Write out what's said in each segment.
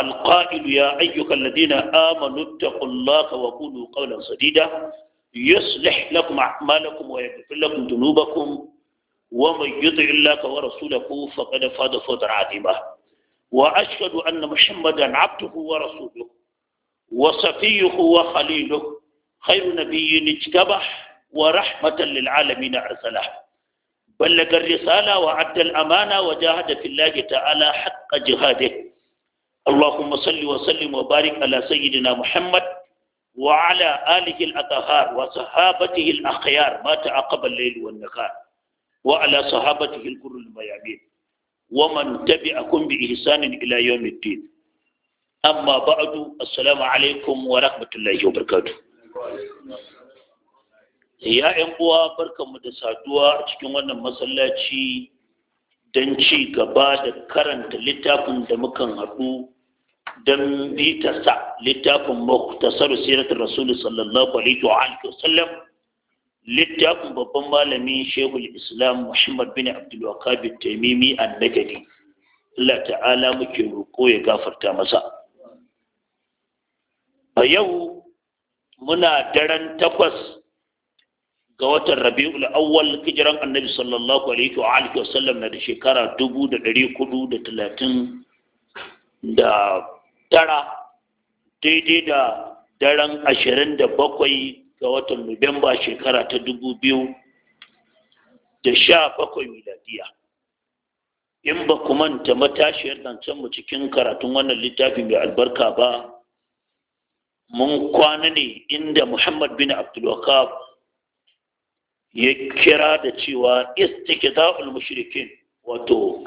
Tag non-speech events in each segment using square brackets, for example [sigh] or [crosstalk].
القائل يا أيها الذين آمنوا اتقوا الله وقولوا قولا سديدا يصلح لكم أعمالكم ويغفر لكم ذنوبكم ومن يطع الله ورسوله فقد فاز فوزا عظيما وأشهد أن محمدا عبده ورسوله وصفيه وخليله خير نبي اجتبح ورحمة للعالمين أرسله بلغ الرسالة وعد الأمانة وجاهد في الله تعالى حق جهاده اللهم صل وسلم وبارك على سيدنا محمد وعلى آله الأطهار وصحابته الأخيار ما تعقب الليل والنهار وعلى صحابته الكر الميامين ومن تبعكم بإحسان إلى يوم الدين أما بعد السلام عليكم ورحمة الله وبركاته ya ‘yan uwa barkanmu da saduwa a cikin wannan masallaci don ci gaba da karanta littafin da mukan haɗu don bitarsa littafin muktasar siratul rasul sallallahu alaihi wa alihi wasallam littafin babban malamin shehul islam muhammad bin abdul wahhab taimimi annagadi Allah ta'ala muke roƙo ya gafarta masa a yau muna daren takwas ga watan rabi'ul awwal hijiran annabi sallallahu alaihi wa alihi wasallam na da shekara dubu da ɗari kudu da talatin da tara daidai da daren ashirin da bakwai ga watan Nuwamba shekara ta dubu biyu da sha bakwai miladiya. In ba ku manta matashiyar zancen mu cikin karatun wannan littafi mai albarka ba, mun kwana ne inda Muhammad bin Abdulwakab ya kira da cewa za'ul mashirikin, wato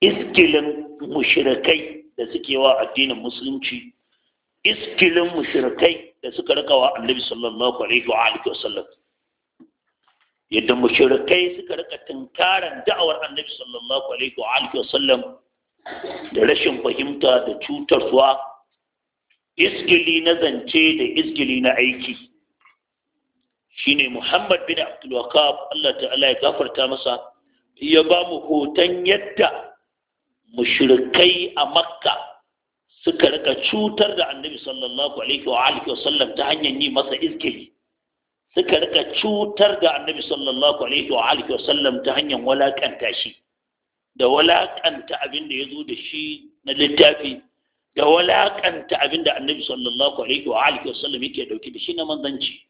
iskilin mashirikai da suke wa addinin musulunci iskilin mushrikai da suka rika wa annabi sallallahu alaihi wa alihi wa sallam yadda mushrikai suka rika tunkaran da'awar annabi sallallahu alaihi wa alihi wa sallam da rashin fahimta da cutarwa iskili na zance da iskili na aiki shine Muhammad bin Abdul wakab Allah ta'ala ya gafarta masa ya ba mu hoton yadda mushrikai a makka suka rika cutar da annabi sallallahu alaihi wa alihi wa sallam ta hanyar yi masa iskili suka rika cutar da annabi sallallahu alaihi wa alihi wa sallam ta hanyar walakanta shi da walakanta abin da ya zo da shi na littafi da walakanta abin da annabi sallallahu alaihi wa alihi wa sallam yake dauke da shi na manzanci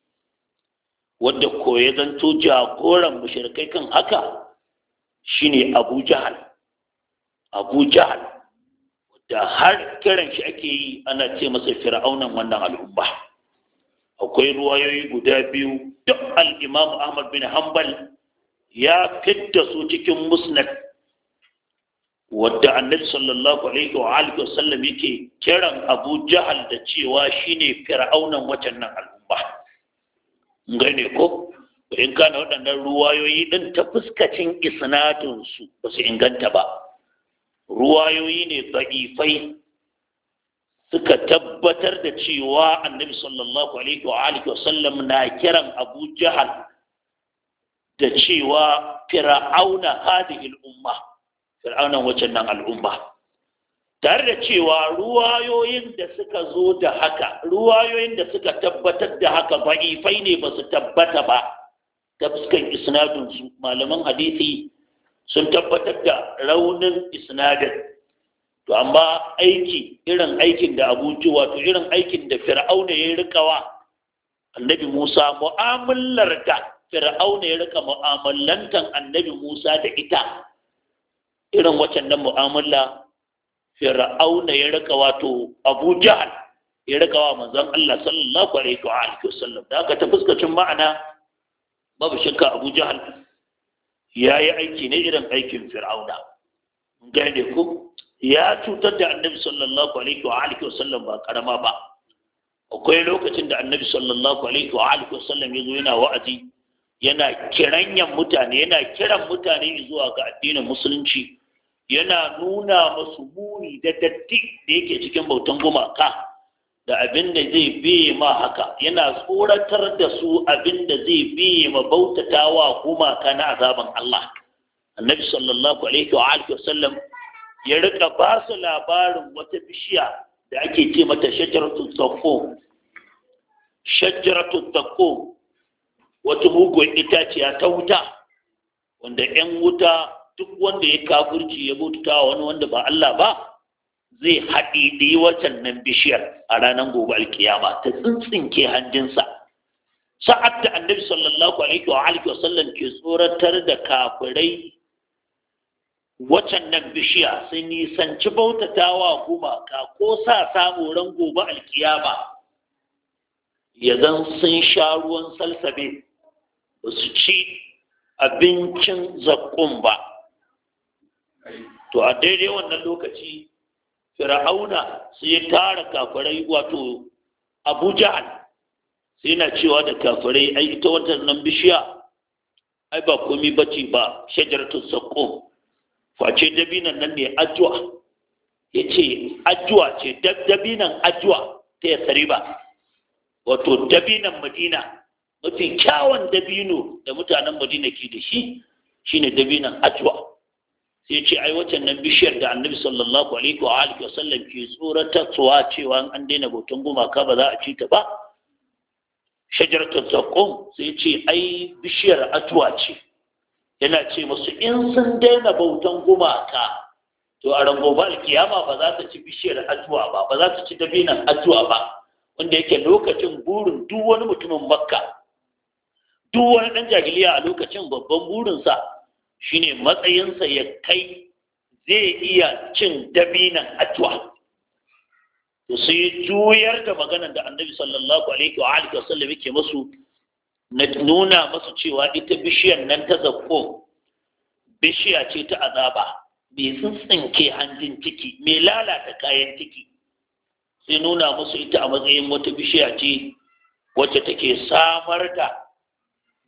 wanda ko ya zanto jagoran mushrikai kan haka shine Abu Jahal abu jahal da har kiran shi ake yi ana ce masa fir'aunan wannan al'umma akwai ruwayoyi guda biyu duk Al'imam ahmad bin hanbal ya fidda su cikin musnad wadda annabi sallallahu alaihi wa alihi wa sallam yake kiran abu jahal da cewa shine fir'aunan wacannan al'umma gane ko in kana waɗannan ruwayoyi din ta fuskacin isnadin su ba su inganta ba ruwayoyi ne ba'ifai suka tabbatar da cewa annabi sallallahu alaihi wa alihi wa sallam na kiran abu jahal da cewa fir'auna hadhihi al-umma fir'auna wajen nan al'umma tare da cewa ruwayoyin da suka zo da haka ruwayoyin da suka tabbatar da haka ba'ifai ne ba su tabbata ba ta fuskan su malaman hadisi sun tabbatar da raunin isnadin to amma aiki irin aikin da abuji wato irin aikin da fir'auna ya rikawa annabi musa mu'amalar da fir'auna ya rika mu'amalantan annabi musa da ita irin waccan nan mu'amala fir'auna ya rika wato abu jahal ya rika wa manzon allah sallallahu alaihi wa Sallam. da aka ta fuskacin ma'ana babu shakka abu jahal ya yi aiki ne irin aikin fir'auna gane ku ya cutar da annabi sallallahu alaihi wa alihi wasallam ba karama ba akwai lokacin da annabi sallallahu alaihi wa alihi wasallam ya zo yana wa'azi yana kiranyan mutane yana kiran mutane zuwa ga addinin musulunci yana nuna masu muni da datti da yake cikin bautan gumaka da abin da zai biye ma haka yana tsoratar da su abin da zai biye ma bautatawa gumaka na azaban Allah annabi sallallahu alaihi wa alihi wasallam ya rika ba su labarin wata bishiya da ake ce mata shajaratu taqo shajaratu taqo wata mugun itaciya ta wuta wanda 'yan wuta duk wanda ya kafirci ya bauta wani wanda ba Allah ba zai haɗi da yi wacan nan bishiyar a ranar gobe alkiyama ta tsintsinke hanjinsa sa'ad da annabi sallallahu alaihi wa alihi wa sallam ke tsoratar da kafirai wacan nan bishiya sun nisanci bautatawa ka ko sa samu ran gobe alkiyama ya zan sun sha ruwan salsabe ba su ci abincin zakkun ba to a daidai wannan lokaci fir'auna sai ya tara kafirai wato abu jahal sai yana cewa da kafirai ai ita nan bishiya ai ba komi ce ba shajaratun sakko face dabinan nan ne ajuwa ya ce ajuwa ce dabinan ajuwa ta ya ba wato dabinan madina mafi kyawun dabino da mutanen madina ke da shi shine dabinan ajuwa sai ce ai watan nan bishiyar da annabi sallallahu alaihi wa alihi wasallam ke tsoratarwa cewa an daina bautan gumaka ba za a ci ta ba shajaratul zaqqum sai ce ai bishiyar atwa ce yana ce musu in sun daina bautan gumaka to a ba alkiyama ba za ta ci bishiyar atwa ba ba za ta ci dabinan atwa ba wanda yake lokacin burin duk wani mutumin makka duk wani dan jahiliya a lokacin babban burinsa shine matsayinsa ya kai zai iya cin dabinan atuwa to sai juyar da magana da annabi sallallahu alaihi wa alihi wasallam yake masu na nuna masu cewa ita bishiyar nan ta zakko bishiya ce ta azaba mai tsintsinke hanjin ciki mai lalata kayan ciki sai nuna musu ita a matsayin wata bishiya ce wacce take samar da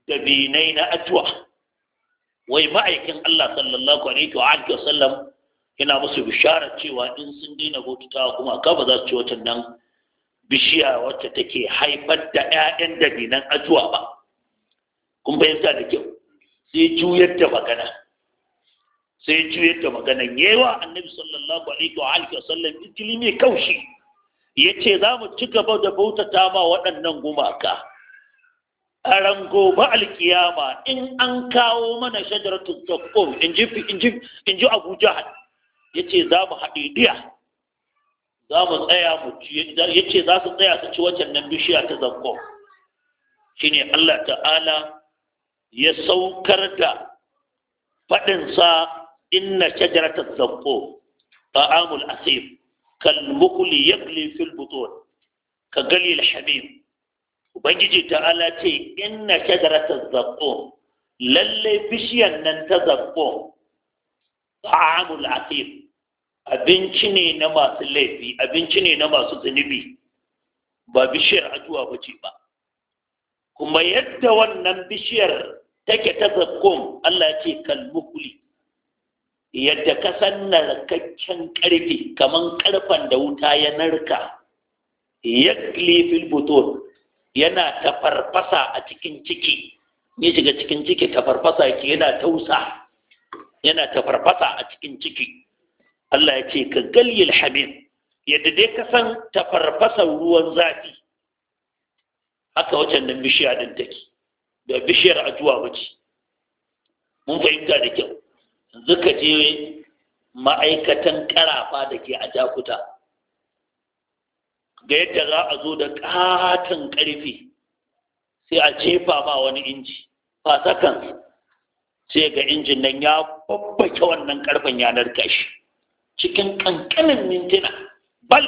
dabinai na atuwa wai ma'aikin Allah sallallahu alaihi wa alihi wasallam yana musu bishara cewa in sun daina bautatawa kuma ka ba za su ci wata nan bishiya wacce take haifar da da dinan ajuwa ba kun fahimta da kyau sai juyar da magana sai juyar da magana yawa annabi sallallahu alaihi wa alihi wasallam ikili mai kaushi yace za mu ci gaba da bautata ma waɗannan gumaka a rango ba alkiyama in an kawo mana shajaratun zakkum in ji Abuja, ya ce za mu haɗe za mu tsaya mu ya ce za su tsaya su ci wacan nan bishiya ta zanko. shi ne allah ta'ala ya saukar da faɗinsa inna shajaratun zakkum ta'amul asif kal mukuli fil butun ka galil habib ubangiji ta'ala ce inna shajaratu zaqqum lalle bishiyan nan ta zaqqum ta'amul asir abinci ne na masu laifi abinci ne na masu zunubi ba bishiyar ajuwa ce ba kuma yadda wannan bishiyar take ta zaqqum Allah ce kalmukuli yadda ka san narkakken ƙarfe kaman karfen da wuta ya narka yakli fil butun yana tafarfasa a cikin ciki ya shiga cikin ciki tafarfasa ke yana tausa yana tafarfasa a cikin ciki Allah ya ce ka galyil habib yadda dai ka san farfasa ruwan zafi haka wacan nan bishiya din take da bishiyar ajuwa wuce mun fahimta da kyau yanzu ka je ma'aikatan karafa da ke a jakuta ga yadda za a zo da katon ƙarfe sai a jefa ba wani inji ba sakan sai ga injin nan ya babbake wannan ƙarfen yanar kashi cikin ƙanƙanin mintuna bal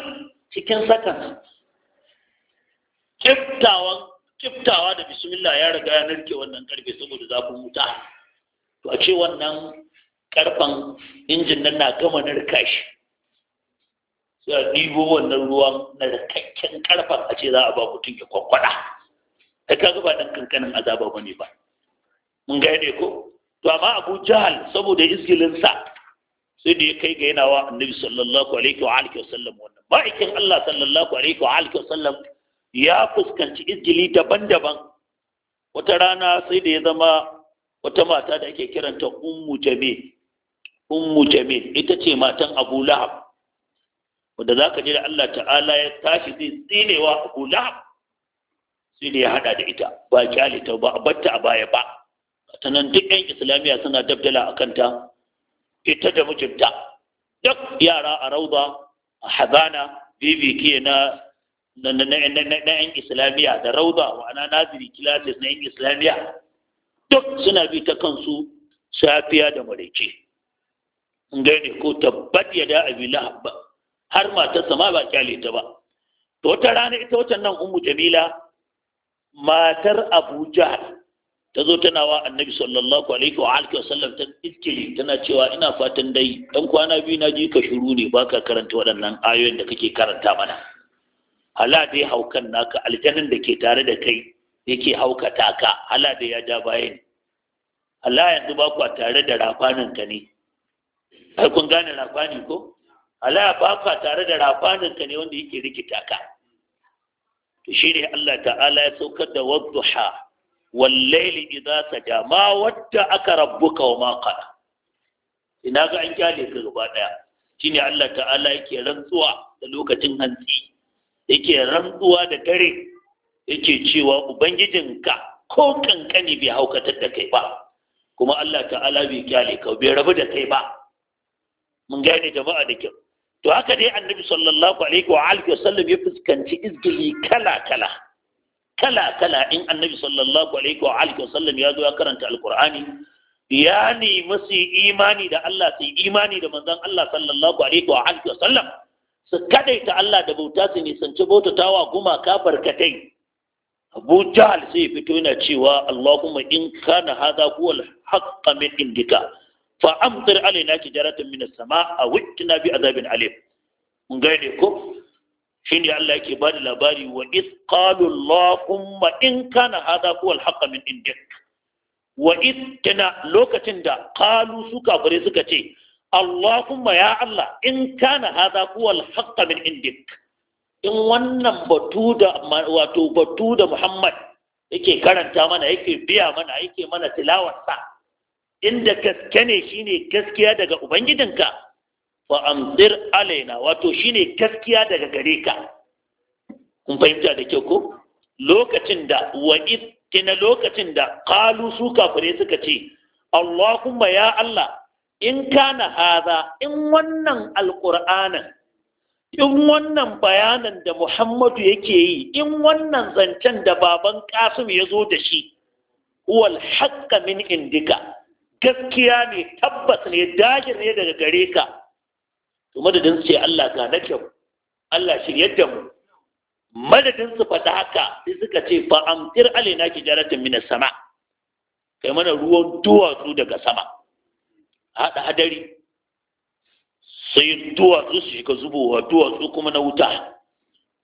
cikin sakan kiftawa da bismillah ya riga ya narke wannan ƙarfe saboda zafin wuta to a ce wannan ƙarfen injin nan na gama narka shi sai a ɗibo wannan ruwan na rikakken karfan a ce za a ba mutum ya kwakwada ta ka ba ɗan kankanin azaba ba ne ba mun ga ne ko to amma abu jahal saboda izgilinsa sai da ya kai ga yana wa annabi sallallahu alaihi wa alihi wasallam wannan ma'aikin Allah sallallahu alaihi wa alihi wasallam ya fuskanci izgili daban-daban wata rana sai da ya zama wata mata da ake kiranta ummu jamil ummu jamil ita ce matan abu lahab Wadda za ka ji da Allah ta'ala ya tashi zai tsinewa abu lahab sai da ya hada da ita ba kyalita ta ba a batta a baya ba ta nan duk yan islamiyya suna dabdala a kanta ita da mijinta duk yara a rauba a habana bbk na na yan islamiyya da rauba wa'ana naziri classes na yan islamiyya duk suna bi ta kansu safiya da maraice gane ko tabbat ya da abi lahab har matarsa ma ba kyale ta ba to wata rana ita wata nan ummu jamila matar abu jahal ta zo tana wa annabi sallallahu alaihi wa alihi wasallam ta iskili tana cewa ina fatan dai dan kwana biyu na ji ka shiru ne baka karanta waɗannan ayoyin da kake karanta mana hala dai haukan naka aljanin da ke tare da kai yake haukata ka hala dai ya ja bayan Allah yanzu ba ku tare da rafanin ka ne ai kun gane rafani ko Allah ya baka tare da rafaninka ne wanda yake rikita ka to shi ne Allah ta'ala ya saukar da wadduha wallaili idza saja ma wadda aka rabbuka wa ma ina ga an kyale ka gaba daya shine Allah ta'ala yake rantsuwa da lokacin hantsi yake rantsuwa da dare yake cewa ubangijinka ko kankani bai haukatar da kai ba kuma Allah ta'ala bai kyale ka bai rabu da kai ba mun gane jama'a da kyau to haka dai annabi sallallahu alaihi wa alihi wasallam ya fuskanci izgili kala kala kala kala in annabi sallallahu alaihi wa alihi wasallam ya zo ya karanta alqur'ani ya nemi su imani da Allah su imani da manzon Allah sallallahu alaihi wa alihi wasallam su kadaita Allah da bauta su nisanci guma ka barkatai abu jahal sai fito yana cewa allahumma in kana hadha huwa al-haqqa min indika fa amtir alaina tijaratan minas sama a wittina bi azabin alim mun gane ko shine Allah yake bada labari wa iz qalu in kana hadha huwa alhaq min indik wa iz lokacin da qalu su kafare suka ce allahumma ya Allah in kana hadha huwa alhaq min indik in wannan batu da wato batu da Muhammad yake karanta mana yake biya mana yake mana tilawarsa inda Kaske ne shi ne gaskiya daga ubangijinka wa amdir alaina wato shi ne gaskiya daga gare ka kun fahimta da kyau ko lokacin da wa tuna lokacin da kalu su kafirai suka ce Allahumma ya Allah in kana haza in wannan Alƙur'anan, in wannan bayanan da Muhammadu yake yi in wannan zancen da baban ƙasim ya zo da shi wal haƙƙa min indika gaskiya ne tabbas ne dajin ne daga gare ka to madadin ce Allah ga na kyau Allah shi da mu madadin su faɗa haka sai suka ce fa amtir alaina kijaratin minas sama kai mana ruwan duwatsu daga sama Hada hadari sai duwatsu su shiga zubowa duwatsu kuma na wuta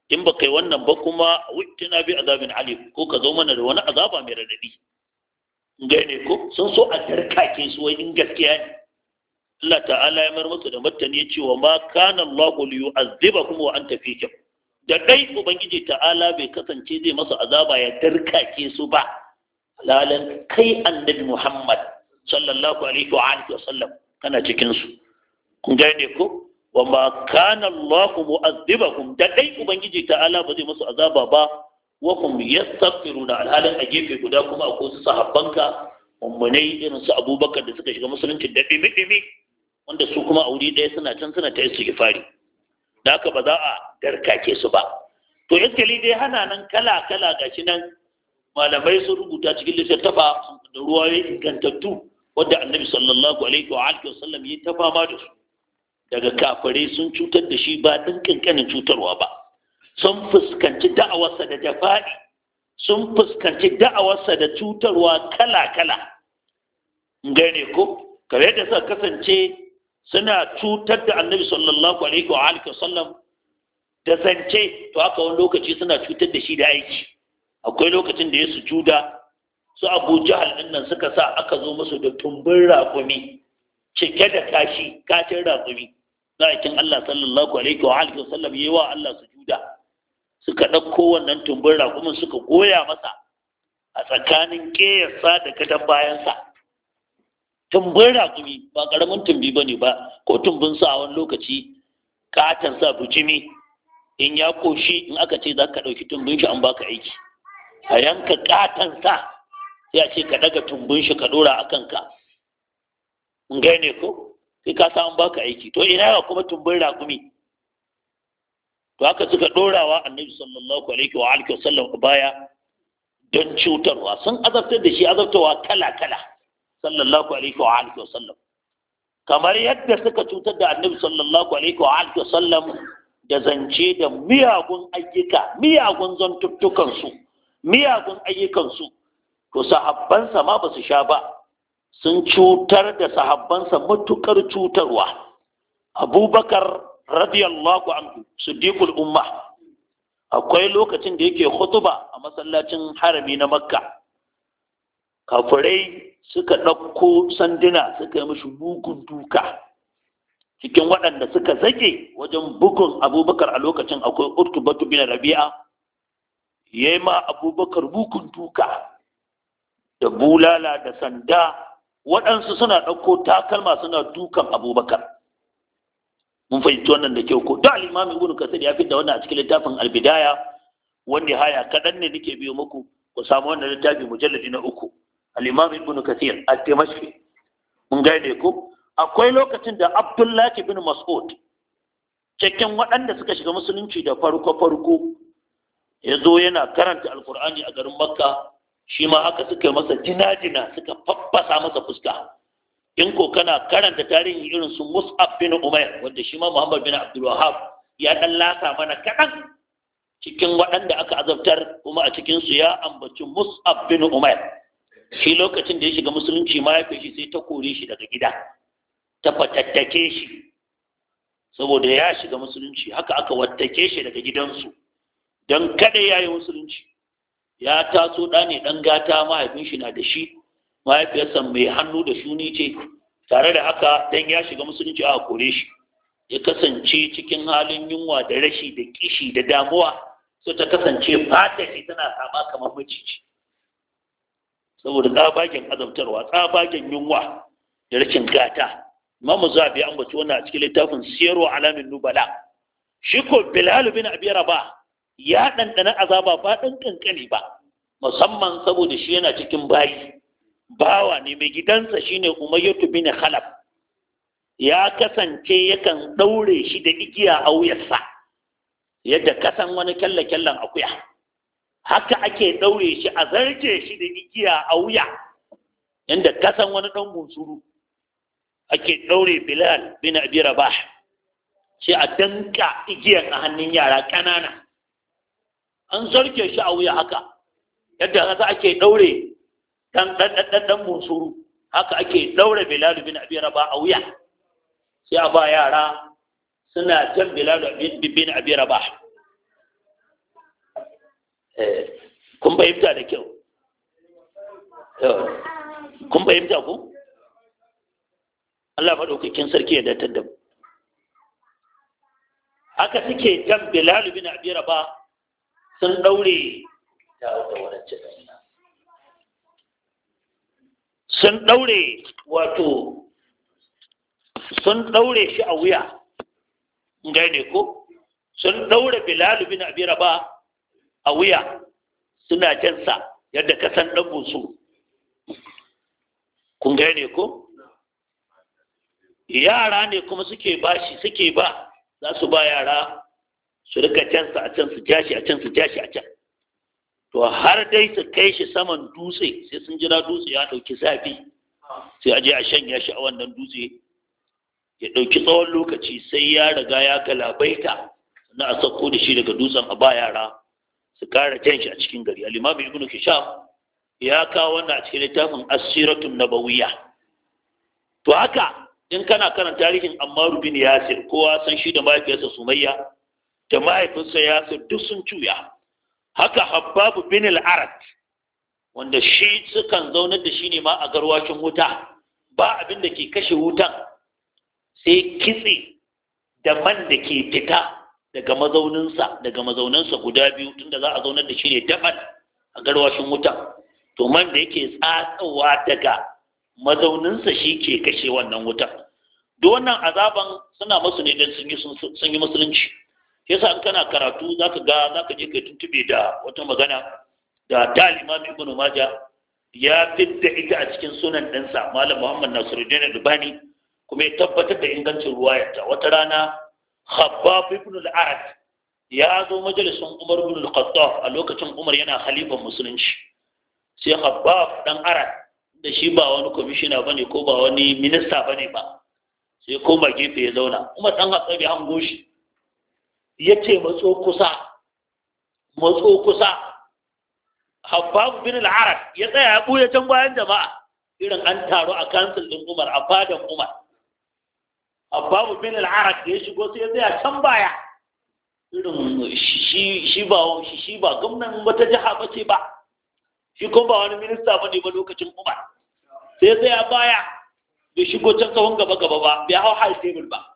in ba kai wannan ba kuma wittina bi azabin Ali, ko ka zo mana da wani azaba mai radadi gane ko sun so a tarkake su wai in gaskiya ne Allah ta'ala ya mar musu da martani ya ce wa ma kana Allahu li yu'azzibakum wa anta fikum da dai ubangiji ta'ala bai kasance zai masa azaba ya tarkake su ba lalan kai annabi Muhammad sallallahu alaihi wa alihi wa sallam kana cikin su kun gane ko wa ma kana Allahu mu'azzibakum da dai ubangiji ta'ala ba zai masa azaba ba wa hum yastaghfiruna alhalin a gefe guda kuma akwai su sahabbanka mummunai irin su abubakar da suka shiga musulunci da dimi-dimi wanda su kuma a wuri ɗaya suna can suna ta su gifari da haka ba za a darkake su ba to iskali dai hana nan kala kala gashi nan malamai sun rubuta cikin littattafa da ruwaye ingantattu wadda annabi sallallahu alaihi wa alihi wasallam ya ta fama da su daga kafare sun cutar da shi ba ɗin ƙanƙanin cutarwa ba sun fuskanci da'awarsa da jafa'i sun fuskanci da'awarsa da cutarwa kala-kala gane ko kare da suka kasance suna cutar da annabi sallallahu alaihi wa alihi wasallam da zance to haka wani lokaci suna cutar da shi da aiki akwai lokacin da ya sujuda su abu jahal din nan suka sa aka zo musu da tumbin raƙumi cike da kashi katin raƙumi kin Allah sallallahu alaihi wa alihi wasallam yayi wa Allah sujuda suka ɗauko wannan tumbin raƙumin suka goya masa a tsakanin ƙeyarsa da gadon bayansa tumbin raƙumi ba ƙaramin tumbi ba ne ba ko tumbin sa a wani lokaci katon bujimi in ya ƙoshi in aka ce za ka ɗauki tumbin shi an baka aiki a yanka ƙatansa, ya ce ka ɗaga tumbin shi ka ɗora a kanka in ne ko sai ka samu baka aiki to ina yawa kuma tumbin raƙumi to haka suka a annabi sallallahu alaihi wa alihi wasallam baya don cutarwa sun azabtar da shi azabtawa kala kala sallallahu alaihi wa alihi wasallam kamar yadda suka cutar da annabi sallallahu alaihi wa alihi wasallam da zance da miyagun ayyuka miyagun zantuttukan su miyagun ayyukan su to sahabbansa ma ba su sha ba sun cutar da sahabbansa matukar cutarwa abubakar radiyallahu anhu siddiqul umma akwai lokacin da yake khutuba a masallacin harami na makka kafirai suka ɗauko sanduna suka yi mashi bugun duka cikin waɗanda suka zage wajen bugun abubakar a lokacin akwai urtubatu bin rabi'a ya yi ma abubakar bugun duka da bulala da sanda waɗansu suna ɗauko takalma suna dukan abubakar mun fahimci wannan da kyau ko da alimami ibnu kasir ya fitta wannan a cikin littafin albidaya. wanda haya kaɗan ne nake biyo muku ku samu wannan littafi mujalladi na uku al ibnu kasir al-dimashqi mun gaide ko akwai lokacin da abdullahi bin mas'ud cikin waɗanda suka shiga musulunci da farko farko ya zo yana karanta alkur'ani a garin makka shi ma haka suka masa jina-jina suka faffasa masa fuska in ko kana karanta tarihi irin su mus'ab bin umair wanda shi ma muhammad bin abdul wahab ya dan lasa mana kaɗan cikin waɗanda aka azabtar kuma a cikin su ya ambaci mus'ab bin umair shi lokacin da ya shiga musulunci mahaifinshi sai ta kore shi daga gida ta fatattake shi saboda ya shiga musulunci haka aka wattake shi daga gidansu don kada ya yi musulunci ya taso ɗa ne ɗan gata mahaifinshi na da shi mahaifiyarsa mai hannu da suni ce tare da haka dan ya shiga musulunci a kore shi ya kasance cikin halin yunwa da rashi da kishi da damuwa so ta kasance fata ce tana sama kamar maciji saboda tsabagen azabtarwa tsabagen yunwa da rashin gata imamu zabi an baci wannan a cikin littafin siyarwa alamin nubala shi ko bilal bin abi ba, ya ɗanɗana azaba ba ɗan ƙanƙani ba musamman saboda shi yana cikin bayi bawa ne mai gidansa shine umayyatu bin khalaf ya kasance yakan ɗaure shi da igiya a wuyarsa yadda kasan wani kyalle-kyallen akuya haka ake ɗaure shi a zarce shi da igiya a wuya inda kasan wani ɗan bunsuru ake ɗaure bilal bin abi rabah shi a danka igiyan a hannun yara ƙanana an zarge shi a wuya haka yadda haka ake ɗaure dan dan dan dan bunsuru haka ake daura bilal bin abi raba a wuya sai a ba yara suna jan bilal bin abi rabah eh, kun fahimta da kyau eh, kun fahimta ku Allah maɗaukakin sarki ya datar da mu haka suke jan bilal bin abi raba sun daure da wani cikin sun ɗaure wato sun ɗaure shi a wuya ne ko sun ɗaure bilalu bin abi raba a wuya suna jansa yadda ka san ɗan busu kun gane ko yara ne kuma suke ba shi suke ba za su ba yara su rika jansa a can su jashi a can su jashi a can to har dai su kai shi saman dutse sai sun jira dutse ya ɗauki zafi sai aje a shanya shi a wannan dutse ya ɗauki tsawon lokaci sai ya riga ya kalaba'ita, na a sauko da shi daga dutsen a ba yara su kara can shi a cikin gari alimami ibnu kishaf ya kawo wannan a cikin littafin asiratun nabawiya to haka in kana karanta tarihin ammaru bin yasir kowa san shi da mahaifiyarsa sumayya da mahaifinsa yasir duk sun cuya haka habbabu bin al arad wanda shi sukan zaunar da shi ne ma a garwashin wuta ba abin da ke kashe wutan sai kitse da man da ke fita daga mazauninsa daga mazauninsa guda biyu tunda za a zaunar da shi ne daban a garwashin wutan to man da yake tsatsawa daga mazauninsa shi ke kashe wannan wutan duk wannan azaban suna masu ne don sun yi musulunci shi yasa in kana karatu za ka ga za ka je ka tuntube da wata magana da dalima mai ibn maja ya fidda ita a cikin sunan ɗinsa malam muhammad nasiruddin rubani kuma ya tabbatar da ingancin ruwayarta wata rana khabbab ibn al-arad ya zo majalisin umar ibn al a lokacin umar yana khalifan musulunci sai khabbab dan arad da shi ba wani kwamishina bane ko ba wani minista bane ba sai koma gefe ya zauna umar dan khattab ya hango shi ya ce matso kusa matso kusa habbab bin al-arab ya tsaya ya buya can bayan jama'a irin an taru a kansil din umar a fadan umar habbab bin al-arab da ya shigo sai ya tsaya can baya irin shi ba shi ba gwamnan wata jiha ba ce ba shi kuma ba wani minista ba ne ba lokacin umar sai ya tsaya baya bai shigo can tsawon gaba gaba ba bai hau high table ba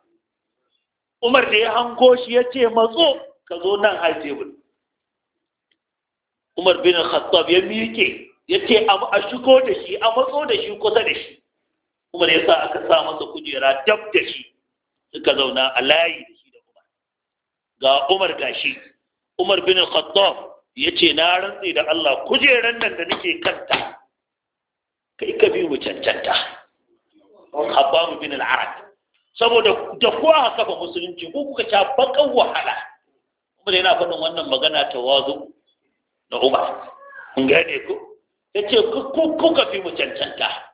umar da ya hango shi ya ce matso ka zo nan har tebur umar bin khattab ya miƙe ya ce a shigo da shi a matso da shi kusa da shi umar ya sa aka sa masa kujera dab da shi suka zauna a layi da shi da umar ga umar gashi umar bin khattab ya ce na rantse da Allah kujeran nan da nake kanta kai ka bi mu cancanta mu bin al-Arab saboda da kowa haka ba musulunci ko kuka ta bakan wahala kuma da yana faɗin wannan magana ta wazo na umar kun gane ko ya ce kuka fi mu cancanta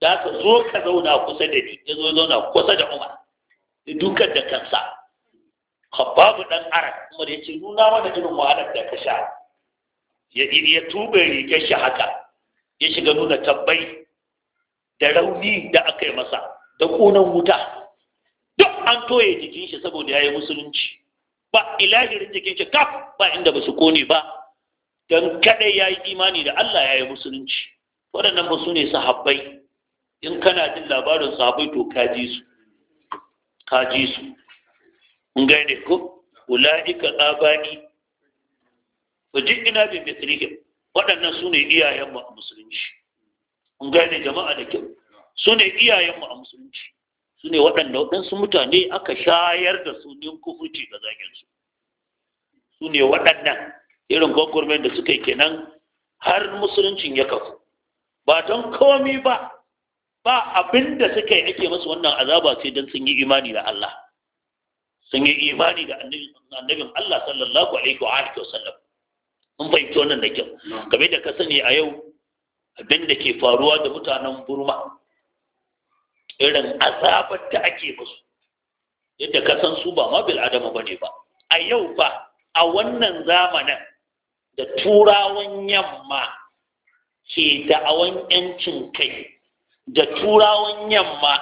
da ka zo ka zauna kusa da ni ya zo zauna kusa da umar da dukkan da kansa ɗan arak kuma da ya ce nuna mana irin wahalar da ka sha ya ya ya rigar shi haka ya shiga nuna tabbai da rauni da aka yi masa da ƙunan wuta duk an toye jikin shi saboda ya yi musulunci ba ilahirin jikin shi kaf ba inda ba su kone ba don kaɗai ya yi imani da Allah ya yi musulunci waɗannan ba su ne sahabbai in kana jin labarin sahabbai to kaji su kaji su mun gane ko ula'ika Ba fa ina bi mitrihim waɗannan su ne iyayen mu a musulunci mun gane jama'a da kyau su ne iyayenmu a musulunci su ne waɗanda waɗansu mutane aka shayar da su ne kufurci ga zagensu su ne waɗannan irin gwagwarmen da suka yi kenan har musuluncin ya kafu ba don komi ba ba abin da suka yi ake masu wannan azaba sai don sun yi imani da Allah sun yi imani da annabin Allah sallallahu alaihi wa alihi wa sallam mun fahimci wannan da kyau game da ka sani a yau abin da ke faruwa da mutanen Burma irin azabar da ake musu yadda ka san su ba ma bil adama ne ba a yau ba a wannan zamanin da turawan yamma ke da'awan yancin kai da turawan yamma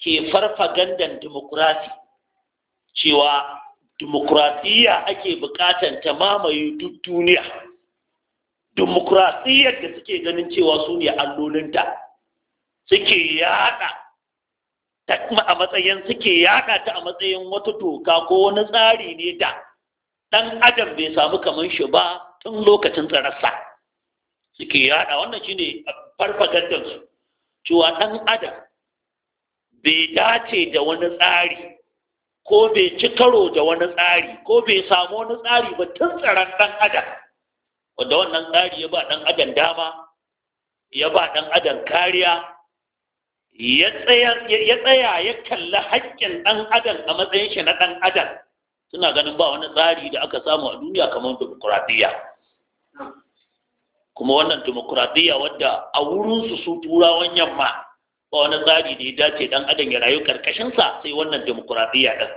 ke farfagandan dimokurasi, cewa demokrasiyya ake bukatan ta mamaye duk duniya dimokuraɗiyyar da suke ganin cewa su ne allolinta suke yaɗa takma a matsayin suke yaɗa ta a matsayin wata toka ko wani tsari ne da ɗan adam bai samu kamar shi ba tun lokacin tsararsa suke yaɗa wannan shi shine farfagandansu cewa ɗan adam bai dace da wani tsari ko bai ci karo da wani tsari ko bai samu wani tsari ba tun tsaron ɗan adam wanda wannan tsari ya ba ɗan adam dama ya ba ɗan adam kariya ya tsaya ya kalla haƙƙin ɗan adam a matsayin shi na ɗan adam suna ganin ba wani tsari da aka samu a duniya kamar demokuraɗiyya kuma wannan demokuraɗiyya wadda a wurinsu su turawan yamma ba wani tsari da ya dace ɗan adam ya rayu ƙarƙashinsa sai wannan demokuraɗiyya ɗin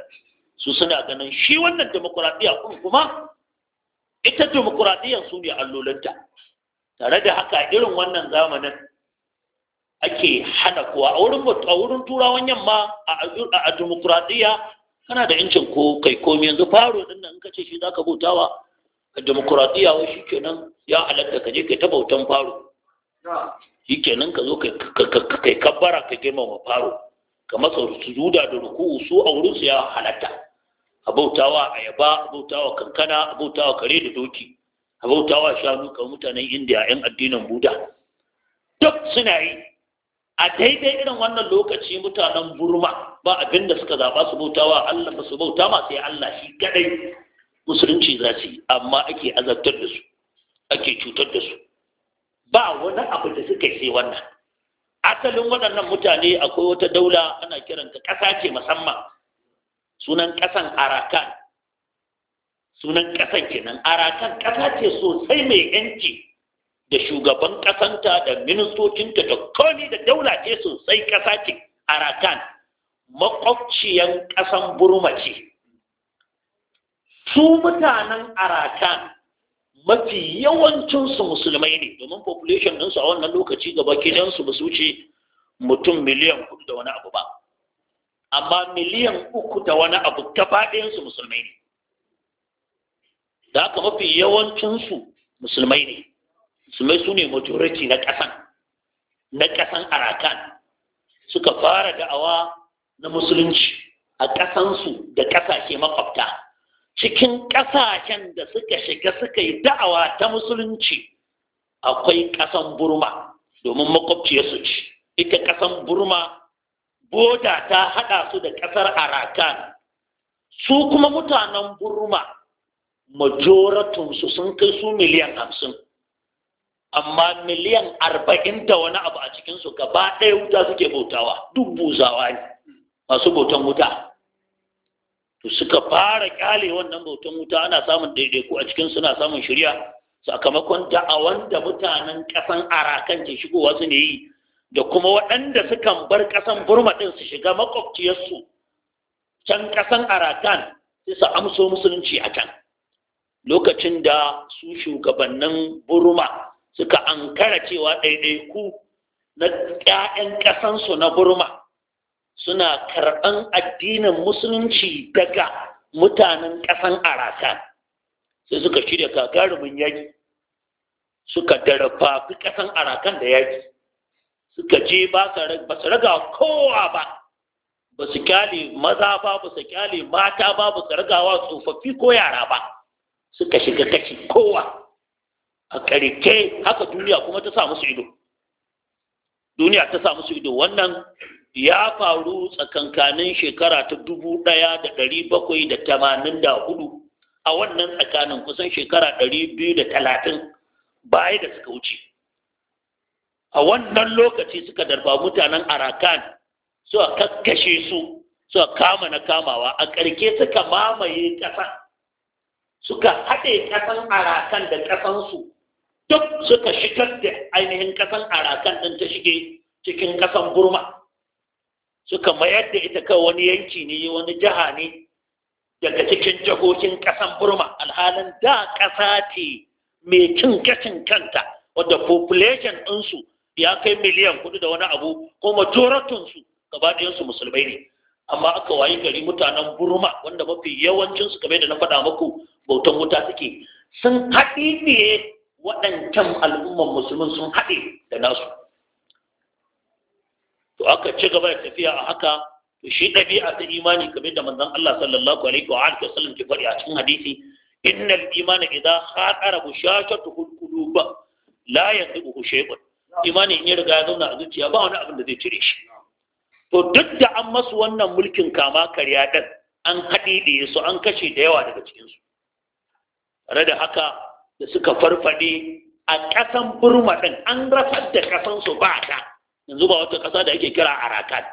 su suna ganin shi wannan demokuraɗiyya kuma ita demokuraɗiyyar su ne allolinta tare da haka irin wannan zamanin ake hana kowa a wurin a wurin turawan yamma a demokuraɗiyya kana da yancin ko kai komi yanzu faro din nan ka ce shi zaka bautawa a demokuraɗiyya wai shi kenan ya halatta ka je kai ta bautan faro shi kenan ka zo kai kabbara ka girmama faro ka masa sujuda da ruku'u su a wurin su ya halatta a bautawa ayaba a bautawa kankana a bautawa kare da doki a bautawa shanu ka mutanen indiya yan addinin buda duk suna yi a daidai irin wannan lokaci mutanen burma ba abin da suka zaba su bauta wa allah ba su bauta ma sai allah shi kadai musulunci za su yi amma ake azabtar da su ake cutar da su ba wani abu da suka yi sai wannan asalin waɗannan mutane akwai wata daula ana kiranta ƙasa ce musamman sunan ƙasan arakan sunan ƙasan kenan arakan ƙasa ce sosai mai yanci da shugaban ƙasanta da ministocinta da komi da daula ce sosai ƙasa ce arakan makwabciyan ƙasan burma ce su mutanen arakan mafi yawancinsu musulmai ne domin population ɗinsu a wannan lokaci gaba gidansu ba su wuce mutum miliyan hudu da wani abu ba amma miliyan uku da wani abu gaba musulmai ne da aka mafi yawancinsu musulmai ne sume su ne majority na ƙasan na ƙasan arakan suka fara da'awa na musulunci a ƙasansu da ƙasashe makwabta cikin ƙasashen da suka shiga suka yi da'awa ta musulunci akwai ƙasan burma domin ya ce ita ƙasan burma boda ta haɗa su da ƙasar arakan su kuma mutanen burma majoratunsu sun kai su miliyan hamsin amma miliyan arba'in da wani abu a cikinsu gaba ɗaya wuta suke bautawa duk buzawa ne masu bautan wuta to suka fara kyale wannan bautan wuta ana samun daidaiku a cikin suna samun shirya sakamakon a wanda mutanen ƙasan arakan ke shigowa su ne yi da kuma waɗanda sukan bar ƙasan burma ɗin su shiga makwabciyarsu can ƙasan arakan sai su amso musulunci a can lokacin da su shugabannin burma suka ankara cewa ɗaiɗaiku na ƴaƴan ƙasansu na burma suna karɓan addinin musulunci daga mutanen ƙasan arakan sai suka shirya kakarumin yaƙi suka darfafi ƙasan arakan da yaƙi suka je ba su raga kowa ba ba su kyale maza ba ba su kyale mata ba ba su ragawa tsofaffi ko yara ba suka shiga kashi kowa a ƙarke haka duniya kuma ta sa musu ido duniya ta samu su ido wannan ya faru tsakankanin shekara ta dubu ɗaya da ɗari bakwai da tamanin da hudu a wannan tsakanin kusan shekara ɗari biyu da talatin baya da suka wuce a wannan lokaci suka darba mutanen arakan suka kakkashe su suka kama na kamawa a ƙarke suka mamaye ƙasa suka haɗe ƙasan arakan da ƙasansu duk suka shigar da ainihin ƙasan arakan ɗin ta shige cikin ƙasan burma suka mayar da ita kawai wani yanki ne wani jiha ne daga cikin jihohin ƙasan burma alhalin da ƙasa ce mai cin gashin kanta wadda population ɗinsu ya kai miliyan kudu da wani abu ko majoratunsu gaba su musulmai ne amma aka wayi gari mutanen burma wanda mafi yawancinsu kamar da na faɗa muku bautan wuta suke sun haɗi ne waɗancan al'umman musulmin sun haɗe da nasu to aka ci gaba da tafiya a haka to shi ɗabi'a ta imani kamar da manzon Allah sallallahu alaihi wa alihi wasallam ke faɗi a cikin hadisi innal imana idza khatara bushashatu qulub la yadhu shay'un imani in ya riga ya zauna a zuciya ba wani abin da zai cire shi to duk da an masu wannan mulkin kama karya ɗin an haɗe da su an kashe da yawa daga cikinsu tare da haka da suka farfaɗe a ƙasan burma ɗin an rafar da ƙasansu ba ta yanzu ba wata ƙasa da ake kira arakan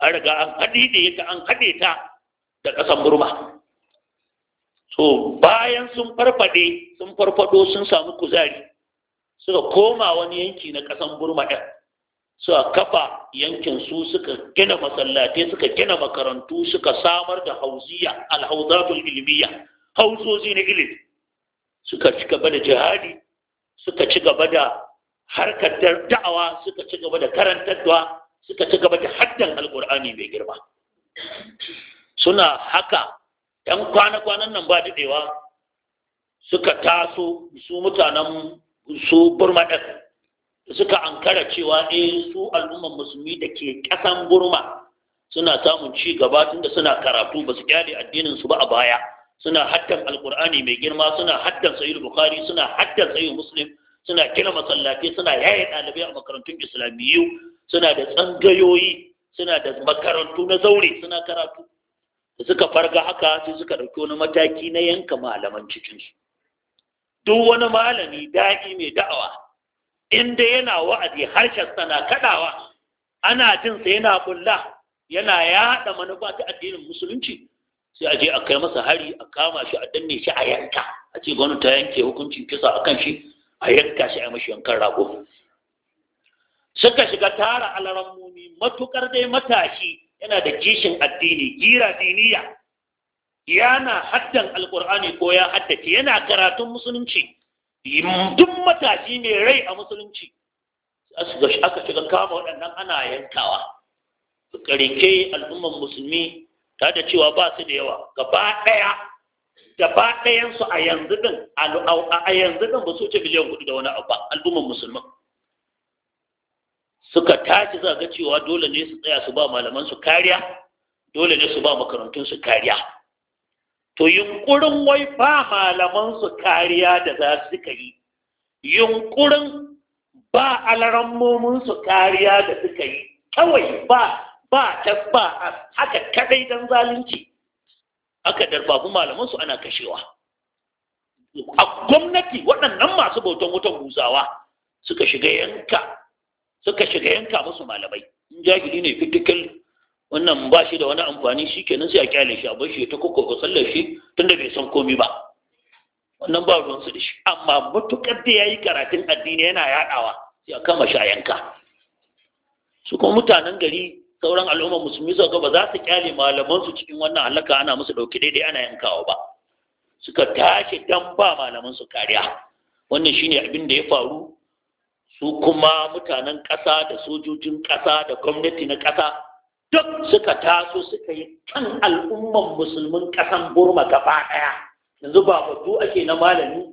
an riga an haɗe ta an haɗe ta da ƙasan burma so bayan sun farfade sun farfado sun samu kuzari suka koma wani yanki na ƙasan burma ɗin suka kafa yankin su suka gina masallatai suka gina makarantu suka samar da hauziya alhauzatul ilmiya hauzozi na ilimi suka ci gaba da jihadi suka ci gaba da harkar da'awa suka ci gaba da karantarwa suka ci gaba da haddan alkur'ani mai girma suna haka ‘yan kwana-kwanan nan ba daɗewa suka taso su mutanen su burma ɗin suka ankara cewa eh su al'umman musulmi da ke ƙasan burma suna samun ci gaba tunda suna karatu ba su kyale addininsu ba a baya suna haddan alkur'ani mai girma suna haddan sayyid bukhari suna haddan sayyid muslim suna kira masallatai suna yaye ɗalibai a makarantun islamiyyu suna da tsangayoyi suna da makarantu na zaure suna karatu da suka farga haka sai suka ɗauki wani mataki na yanka malaman cikinsu duk wani malami da'i mai da'awa inda yana wa'azi harshen sana kaɗawa ana jin sa yana bulla yana yaɗa manufa ta addinin musulunci sai a je a kai masa hari a kama shi a danne shi a yanka a ce gwamnati ta yanke hukuncin kisa a kan shi a yanka shi a mashi yankan rago suka shiga tara alarammomi matukar dai matashi yana da kishin addini gira diniya yana haddan alkur'ani ko ya haddace yana karatun musulunci duk matashi mai rai a musulunci aka shiga kama waɗannan ana yankawa rike al'ummar musulmi ta da cewa ba su da yawa gaba ɗaya gaba ɗayansu a yanzu ɗin a yanzu ɗin ba su wuce miliyan hudu da wani abu al'umman musulman suka tashi za ga cewa dole ne su tsaya su ba malaman su kariya dole ne su ba makarantun su kariya to yunkurin wai ba malaman su kariya da za su yi yunkurin ba alaran su kariya da suka yi kawai ba ba ta ba haka kadai dan zalunci aka darbabu malaman su ana kashewa a gwamnati waɗannan masu bautan wutan busawa suka shiga yanka suka shiga yanka musu malamai in jahili ne fitikal wannan ba shi da wani amfani shi kenan sai a kyale shi a bar shi ta kokoko sallar shi tunda bai san komi ba wannan ba ruwan su da shi amma matukar da ya yi karatun addini yana yaɗawa sai kama shi a yanka su kuma mutanen gari sauran al'ummar musulmi suka ga ba za su kyale malamansu cikin wannan halaka ana musu ɗauki daidai ana yankawa ba suka tashi dan ba malaman su kariya wannan shine abin da ya faru su kuma mutanen ƙasa da sojojin ƙasa da gwamnati na ƙasa duk suka taso suka yi kan al'umman musulmin ƙasan burma gaba ɗaya yanzu ba batu ake na malami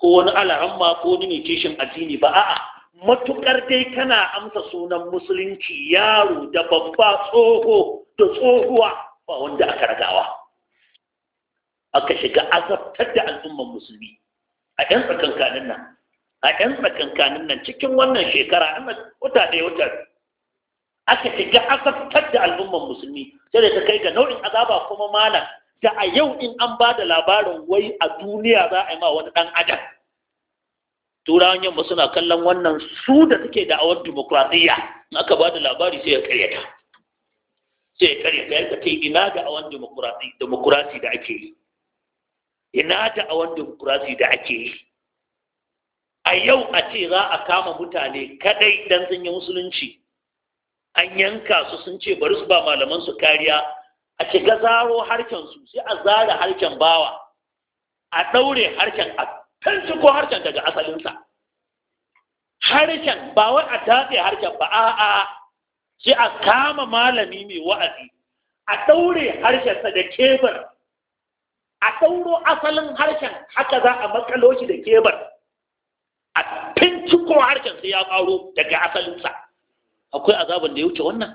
ko wani alaramma ko wani mai kishin addini ba a'a matuƙar dai kana amsa sunan musulunci yaro da babba tsoho da tsohuwa ba wanda aka ragawa aka shiga azabtar da al'umman musulmi a 'yan tsakankanin nan a 'yan tsakankanin nan cikin wannan shekara wata ɗaya wata aka shiga azabtar da al'umman musulmi sai da ta kai ga nau'in azaba kuma malam da a yau in an ba da labarin wai a duniya za a yi ma wani ɗan adam turawan yamma suna kallon wannan su da suke awar dimokuraɗiyya in aka ba da labari sai ya karyata sai ya karyata ya ce ina da'awar dimokuraɗi da ake yi ina da'awar dimokuraɗi da ake yi a yau a ce za a kama mutane kadai dan sun yi musulunci an yanka su sun ce bari su ba malaman su kariya a shiga zaro harkensu su sai a zara harken bawa a ɗaure harken a kan su ko harshen daga asalinsa harshen ba wai a datse harshen ba a'a sai a kama malami mai wa'azi a ɗaure harshensa da kebar a ɗauro asalin harshen haka za a makalo shi da kebar a ko harshen sai ya faro daga asalinsa akwai azabin da ya wuce wannan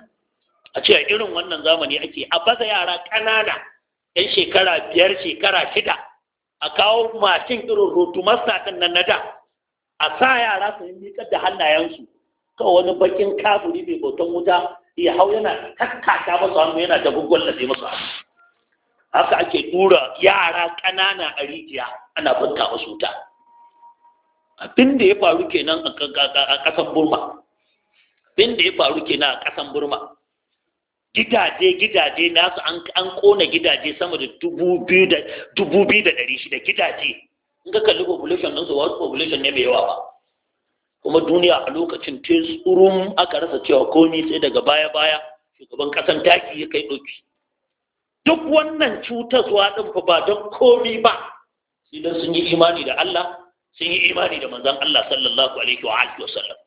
a ce a irin wannan zamani ake a baza yara ƙanana 'yan shekara biyar shekara shida a kawo mashin irin rotumarsa ɗin nan na da a sa yara su yi miƙar da hannayensu kawai wani bakin kafuri mai bautan wuta ya hau yana takkata masu hannu yana da gugwalla sai masu hannu haka ake tura yara ƙanana a rijiya ana bunta masu wuta abin da ya faru kenan a ƙasar burma abin da ya faru kenan a ƙasar burma gidaje gidaje nasu an an kona gidaje sama da dubu biyu da dubu biyu da ɗari shida gidaje in ka kalli population ɗinsu wasu population ne mai yawa ba kuma duniya a lokacin ta tsurum aka rasa cewa komi sai daga baya baya shugaban kasan taki ya kai ɗauki duk wannan cutarwa ɗin fa ba don komi ba idan sun yi imani da Allah sun yi imani da manzon Allah sallallahu alaihi wa alihi sallam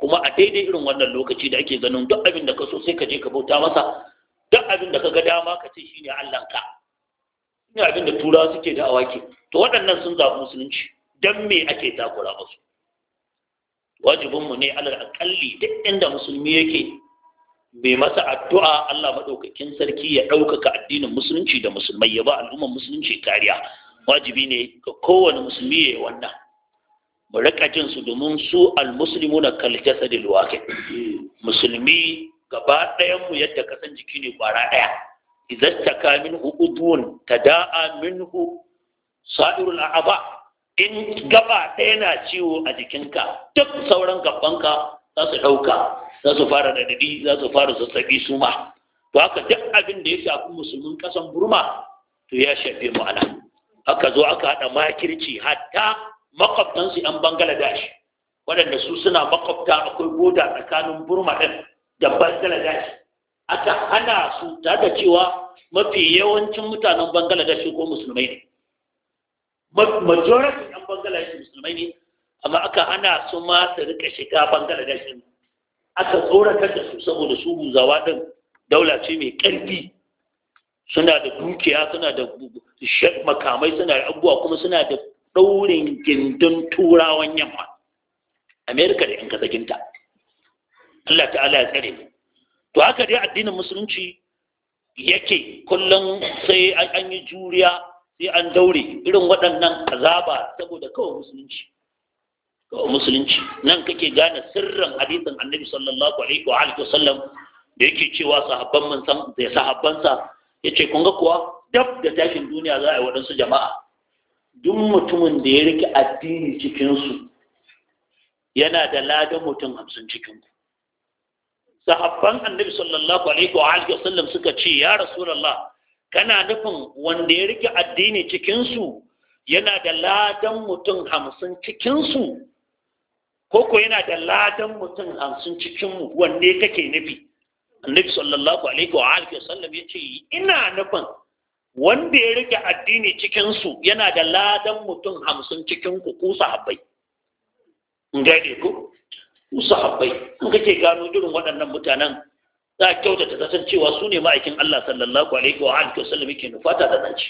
kuma a daidai irin wannan lokaci da ake ganin duk abin da ka so sai ka je ka bauta masa duk abin da ka ga dama ka ce shine Allah ka ina abin da turawa suke da awaki to waɗannan sun zaɓi musulunci dan me ake takura musu wajibinmu ne alal akalli duk inda musulmi yake bai masa addu'a Allah maɗaukakin sarki ya ɗaukaka addinin musulunci da musulmai ya ba al'ummar musulunci kariya wajibi ne ga kowane musulmi ya yi wannan mu jin su domin su almuslimuna kal jasadil waqi musulmi gaba ɗayan mu yadda kasan jiki ne kwara ɗaya idan taka ta udwun tada'a minhu sa'irul a'aba in gaba ɗaya na ciwo a jikinka duk sauran gabanka za su ɗauka za su fara dadi za su fara sassaƙi su ma to haka duk abin da ya shafi musulmin kasan burma to ya shafe mu ana aka zo aka haɗa makirci hatta makwabtansu 'yan bangladesh waɗanda su suna makwabta akwai boda tsakanin burma ɗin da bangladesh aka hana su ta da cewa mafi yawancin mutanen bangladesh ko musulmai ne majority 'yan bangladesh musulmai ne amma aka hana su ma su rika shiga bangladesh ɗin aka tsoratar da su saboda su buzawa ɗin daula ce mai ƙarfi suna da dukiya suna da makamai suna da abubuwa kuma suna da ɗaurin gindin turawan yamma amerika da 'yan kasakinta allah ta'ala ya tsare to haka dai addinin musulunci yake kullum sai an yi juriya sai an daure irin waɗannan azaba saboda kawai musulunci kawai musulunci nan kake gane sirrin hadisin annabi sallallahu alaihi wa alihi sallam? da yake cewa sahabban mansan da sahabbansa yace kun ga kuwa dab da tashin duniya za a yi waɗansu jama'a duk mutumin da ya rike addini cikinsu yana da ladan mutum hamsin ku sahabban annabi sallallahu alaihi wa alihi wasallam suka ce ya rasulullah kana nufin wanda ya rike addini cikinsu yana da ladan mutum hamsin cikinsu ko ko yana da ladan mutum hamsin cikinmu wanne kake nufi annabi sallallahu alaihi wa alihi wasallam ya ce ina nufin wanda ya rike addini cikinsu yana da ladan mutum hamsin cikin ku ku sahabbai gane ku ku sahabbai in kake gano irin waɗannan mutanen za a kyautata kasancewa su ne ma'aikin Allah sallallahu alaihi wa alihi wasallam yake nufata da zance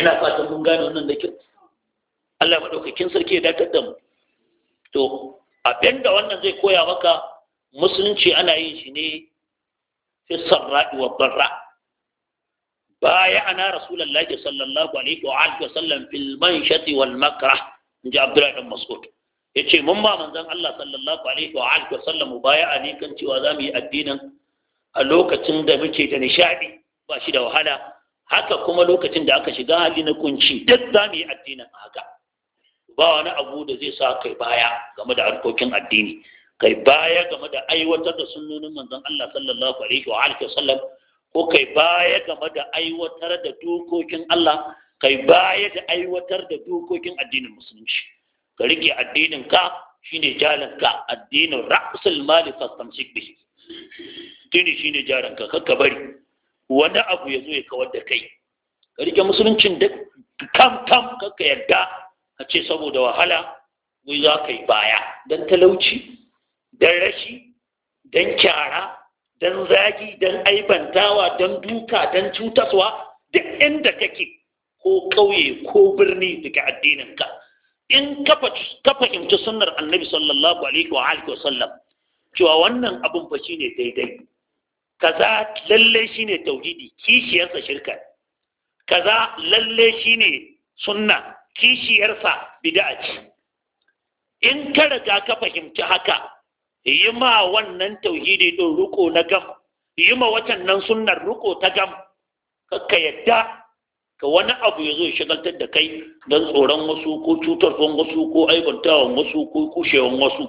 ina fatan mun gano wannan da kyau Allah madaukakin sarki ya dakatar da mu to da wannan zai koya maka musulunci ana yin shi ne fi sarra'i wa barra' بايعنا رسول الله صلى الله عليه وآله وسلم في المنشة والمكره جاء عبد الله بن مسعود yace mun ba manzan Allah sallallahu alaihi wa alihi wasallam mubaya'a ne kan za mu yi addinin a lokacin da muke da nishadi ba shi da wahala haka kuma lokacin da aka shiga hali na kunci duk za mu yi addinin haka ba wani abu da zai sa kai baya game da harkokin addini kai baya game da aiwatar da sunnonin manzon Allah sallallahu alaihi wa alihi wasallam ko kai baya game da aiwatar da dokokin Allah kai baya da aiwatar da dokokin addinin musulunci ka rike addinin ka shine jalan ka addinin ra'sul mali fastamsik bihi tini shine jalan ka kakka bari wani abu yazo zo ya kawar da kai ka rike musuluncin da kam kam kakka yadda a ce saboda wahala wai za ka yi baya dan talauci dan rashi dan kyara don zagi don aibantawa don duka don cutaswa da inda kake ko ƙauye ko birni daga addininka in ka fahimci sunnar annabi sallallahu alaihi wa alihi wasallam cewa wannan abin fa shine daidai kaza lalle shine tauhidi kishiyarsa shirka kaza lalle shine sunna kishiyarsa bid'a ce in ka riga ka fahimci haka yi ma wannan tauhidi ɗin riko na gam yi ma watan nan sunnar riko ta gam ka yadda ka wani abu ya zo ya shagaltar da kai don tsoron wasu ko cutarwan wasu ko aibantawan wasu ko kushewan wasu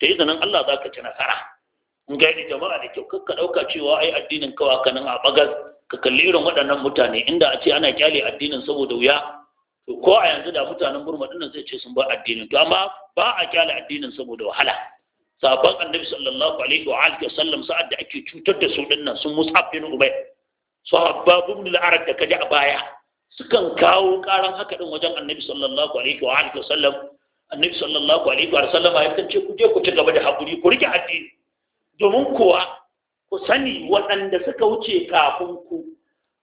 Ta yi zanen Allah za ka ci nasara in yi jama'a da kyau kakka ɗauka cewa ai addinin kawa kanan a bagas ka kalli irin waɗannan mutane inda a ce ana kyale addinin saboda wuya to ko a yanzu da mutanen burma na zai ce sun bar addinin to amma ba a kyale addinin saboda wahala sabon annabi sallallahu alaihi wa alihi wasallam sa'ad da ake cutar da su dinnan sun mus'ab bin ubay su habbabun lil arab da kaje a baya sukan kawo karan haka din wajen annabi sallallahu alaihi wa alihi wasallam annabi sallallahu alaihi wa sallam ya kace ku je ku ci gaba da hakuri ku rike addini domin kuwa ku sani waɗanda suka wuce kafin ku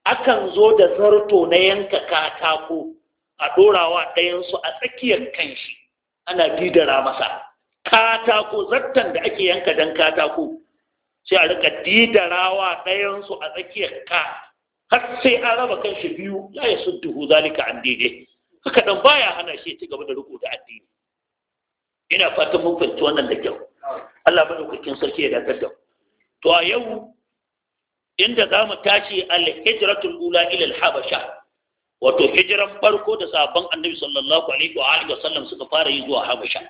akan zo da zarto na yanka katako a ɗorawa ɗayansu a tsakiyar kanshi ana didara masa katako zartan da ake yanka dan katako sai a rika didarawa ɗayansu a tsakiyar ka har sai an raba kanshi biyu yi sun duhu zalika an daidai haka dan baya hana shi ci gaba da riko da addini ina fatan mun fahimci wannan da kyau Allah dokokin sarki ya dakar da to a yau inda za mu tashi al-hijratul ula ila al-habasha wato hijiran farko da sabon annabi sallallahu alaihi wa alihi wasallam suka fara yi zuwa habasha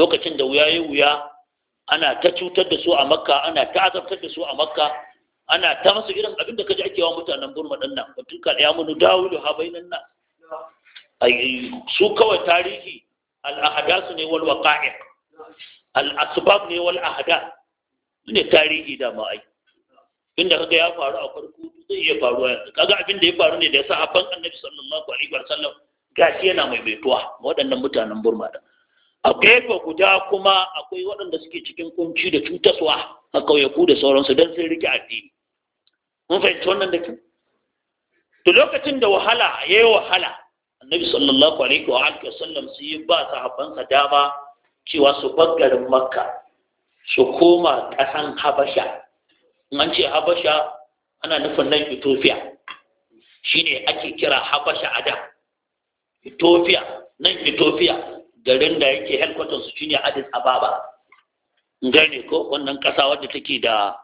lokacin da wuya ya wuya ana ta cutar da su a makka ana ta azabtar da su a makka ana ta masa irin abin da kaji ake wa mutanen burma din nan batun ka ya munu dawulu habainan nan su kawai tarihi al-ahdath ne wal waqa'i al-asbab ne wal ahdath ne tarihi da ma'ai inda kaga ya faru a farko zai iya faruwa yanzu kaga abin da ya faru ne da ya sa haban annabi sallallahu alaihi wa sallam gashi yana mai baituwa waɗannan mutanen burma da a gefe guda kuma akwai waɗanda suke cikin kunci da cutaswa a ƙauyaku da sauransu don sun rike addini mun fahimci wannan da kyau to lokacin da wahala ya yi wahala annabi sallallahu alaihi wa alihi su yi ba sahabbansa dama cewa su bar makka su koma ƙasan habasha an ce habasha ana nufin nan ethiopia shine ake kira habasha a da ethiopia nan ethiopia garin da yake helkwatonsu shine addis ababa gane ko wannan kasa wadda take da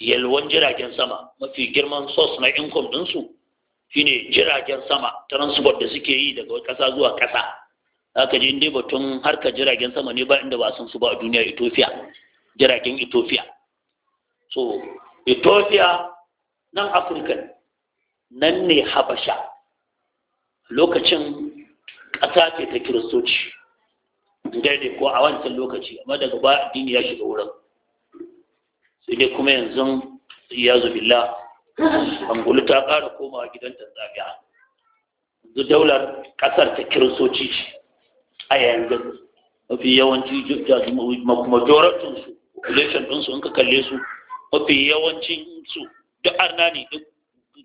yalwan jiragen sama mafi girman sos na income dinsu shine jiragen sama transport da suke yi daga kasa zuwa kasa ka ji dai batun harkar jiragen sama ne ba inda ba sun su ba a duniya ethiopia jiragen Itofiya. so ethiopia nan afirka nan ne habasha lokacin ƙasa ce ta kiristoci daidai ko a wancan lokaci amma daga ba addini ya shiga wurin sai dai kuma yanzu ya zubilla angulu ta ƙara komawa gidan tanzania yanzu daular ƙasar ta kiristoci a yanzu mafi yawanci kuma majoratunsu population ɗinsu in ka kalle su mafi yawancin su duk arna ne duk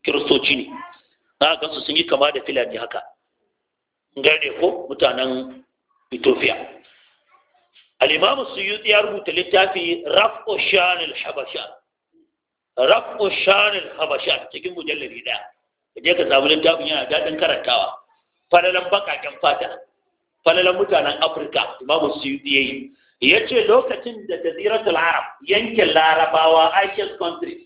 kiristoci ne na ka sun yi kama da filani haka gare ko mutanen ethiopia Alimamu su yi ya rubuta littafi raf'u shanil habasha raf'u shanil habasha cikin mujallari daya je ka samu littafin yana daɗin karantawa falalan bakaken fata falalan mutanen afirka imamu yi yayi ya ce lokacin da jaziratul arab yankin larabawa aikin countries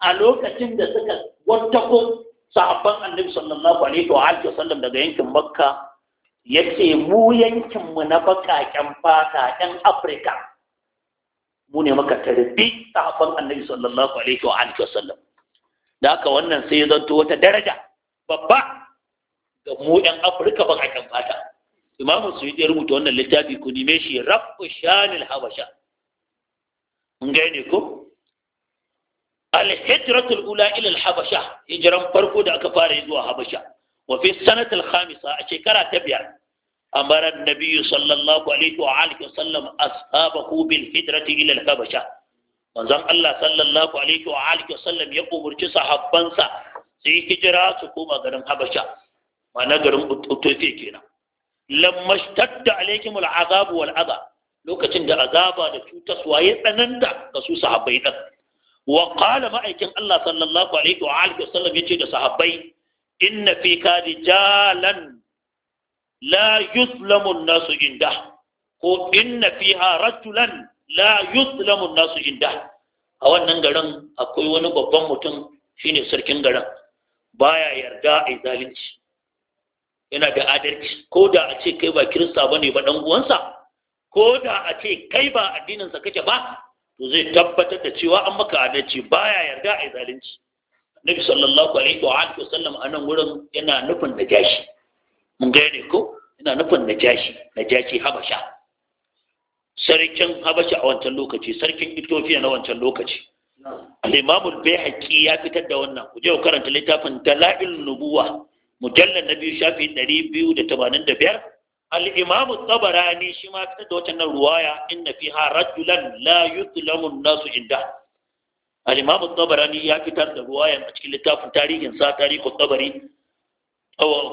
a lokacin da suka wattako sahabban annabi sallallahu alaihi wa alihi wasallam daga yankin makka ya ce mu yankinmu na baƙaƙen fata yan afirka mu ne maka tarbi sahabban annabi sallallahu alaihi wa alihi wasallam da haka wannan sai ya zanto wata daraja babba ga mu yan afirka baƙaƙen fata imamu su ya rubuta wannan littafi ku nime shi rafu shanil habasha mun gai ne ko al-hijratul ula ila al-habasha hijran farko da aka fara zuwa habasha wa fi sanatil khamisa a shekara ta biyar amara an sallallahu alaihi wa alihi wa sallam ashabahu bil hijrati ila habasha manzon Allah sallallahu alaihi wa alihi wa sallam ya umurci sahabbansa su yi hijira su koma garin habasha na garin Ethiopia kenan lamma shtadda alaikum al'azab wal adha lokacin da azaba da cutaswa waye tsananta ga su sahabbai dan? wa qala ma'aikin Allah sallallahu alaihi wa alihi wasallam yace da sahabbai inna fi kadijalan la yuslamu an-nasu inda ko inna fiha rajulan la yuslamu an-nasu inda a wannan garin akwai wani babban mutum shine sarkin garin baya yarda yi zalunci yana da adalci ko da a ce kai ba kirista ba ne ba ɗan uwansa ko da a ce kai ba addininsa kake ba to zai tabbatar da cewa an maka adalci baya yarda a yi zalunci nabi sallallahu alaihi wa alihi wasallam a nan wurin yana nufin jashi. mun ne ko yana nufin da jashi. habasha sarkin habasha a wancan lokaci sarkin ethiopia na wancan lokaci al-imamu al-bayhaqi ya fitar da wannan ku je ku karanta littafin dalail nubuwa mujallar na biyu shafi ɗari biyu da tamanin da biyar al'imamu tsabarani shi ma fitar da waccan ruwaya inna fi ha rajulan la yutlamun nasu inda al'imamu ya fitar da ruwayan a cikin littafin tarihin sa tarihu tsabari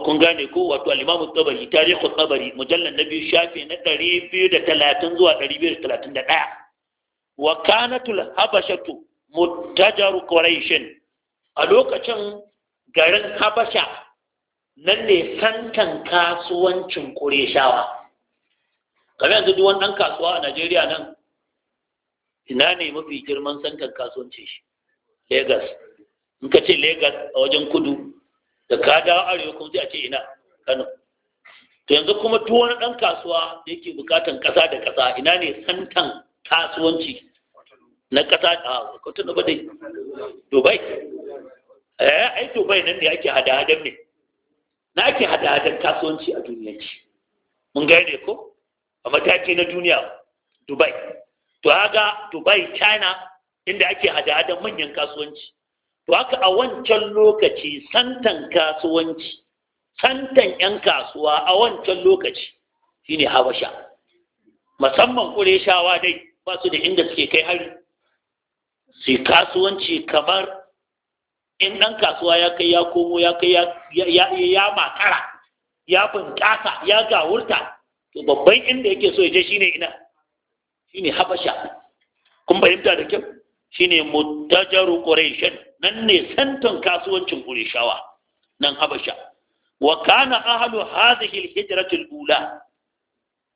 kun gane ko wato al'imamu tsabari mujallar na shafi na ɗari biyu da talatin zuwa ɗari biyu da talatin da ɗaya habashatu muttajaru a lokacin garin habasha nan ne santan kasuwancin ƙureshawa kamar yanzu duk wani kasuwa a najeriya nan ina ne mafi girman santan kasuwancin shi Legas. in ka ce Legas a wajen kudu da ka dawo arewa kuma sai a ce ina kano to yanzu kuma duk wani ɗan kasuwa da yake bukatan ƙasa da ƙasa ina ne santan kasuwanci na ƙasa a kwatano ba dai dubai eh ai dubai nan ne ake hada-hadan ne na ake hada-hadar kasuwanci a duniyanci mun gane ko a mataki na duniya dubai to haka dubai china inda ake hada-hadar manyan kasuwanci to haka a wancan lokaci santan kasuwanci santan 'yan kasuwa a wancan lokaci shine habasha musamman ƙureshawa dai ba su da inda suke kai hari su kasuwanci kamar in ɗan kasuwa ya kai ya komo ya kai ya makara ya bunƙasa ya gawurta to babban inda yake so ya je shine ina shine habasha kun fahimta da kyau shine mutajaru quraishin nan ne santan kasuwancin qurayshawa nan habasha wa kana ahlu hadhihi alhijrati alula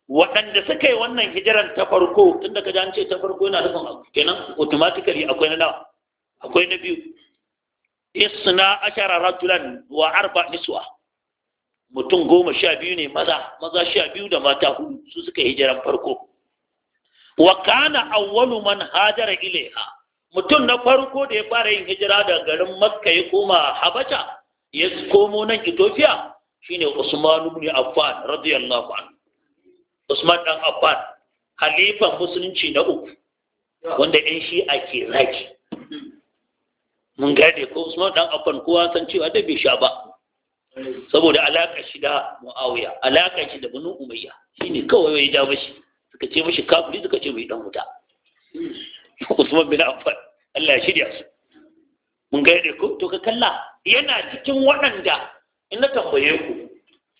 waɗanda suka yi wannan hijiran ta farko tunda ka an ce ta farko yana nufin kenan automatically akwai na nawa akwai na biyu isna ashara rajulan wa arba niswa mutum goma sha biyu ne maza maza sha biyu da mata hudu su suka hijiran farko wa kana awwalu man hajara ilaiha mutum na farko da ya fara yin hijira da garin makka ya koma habasha ya komo nan ethiopia shine usman ibn affan radiyallahu anhu usman dan affan halifan musulunci na uku wanda ɗan shi'a ke zaki mun gane ko Usman dan Affan kowa san cewa da bai sha ba saboda alaka shi da Muawiya alaka shi da Banu Umayya shine kawai ya ja mashi suka ce mashi kafiri suka ce bai dan wuta Usman bin Affan Allah ya shirya su mun gane ko to ka kalla yana cikin waɗanda in na tambaye ku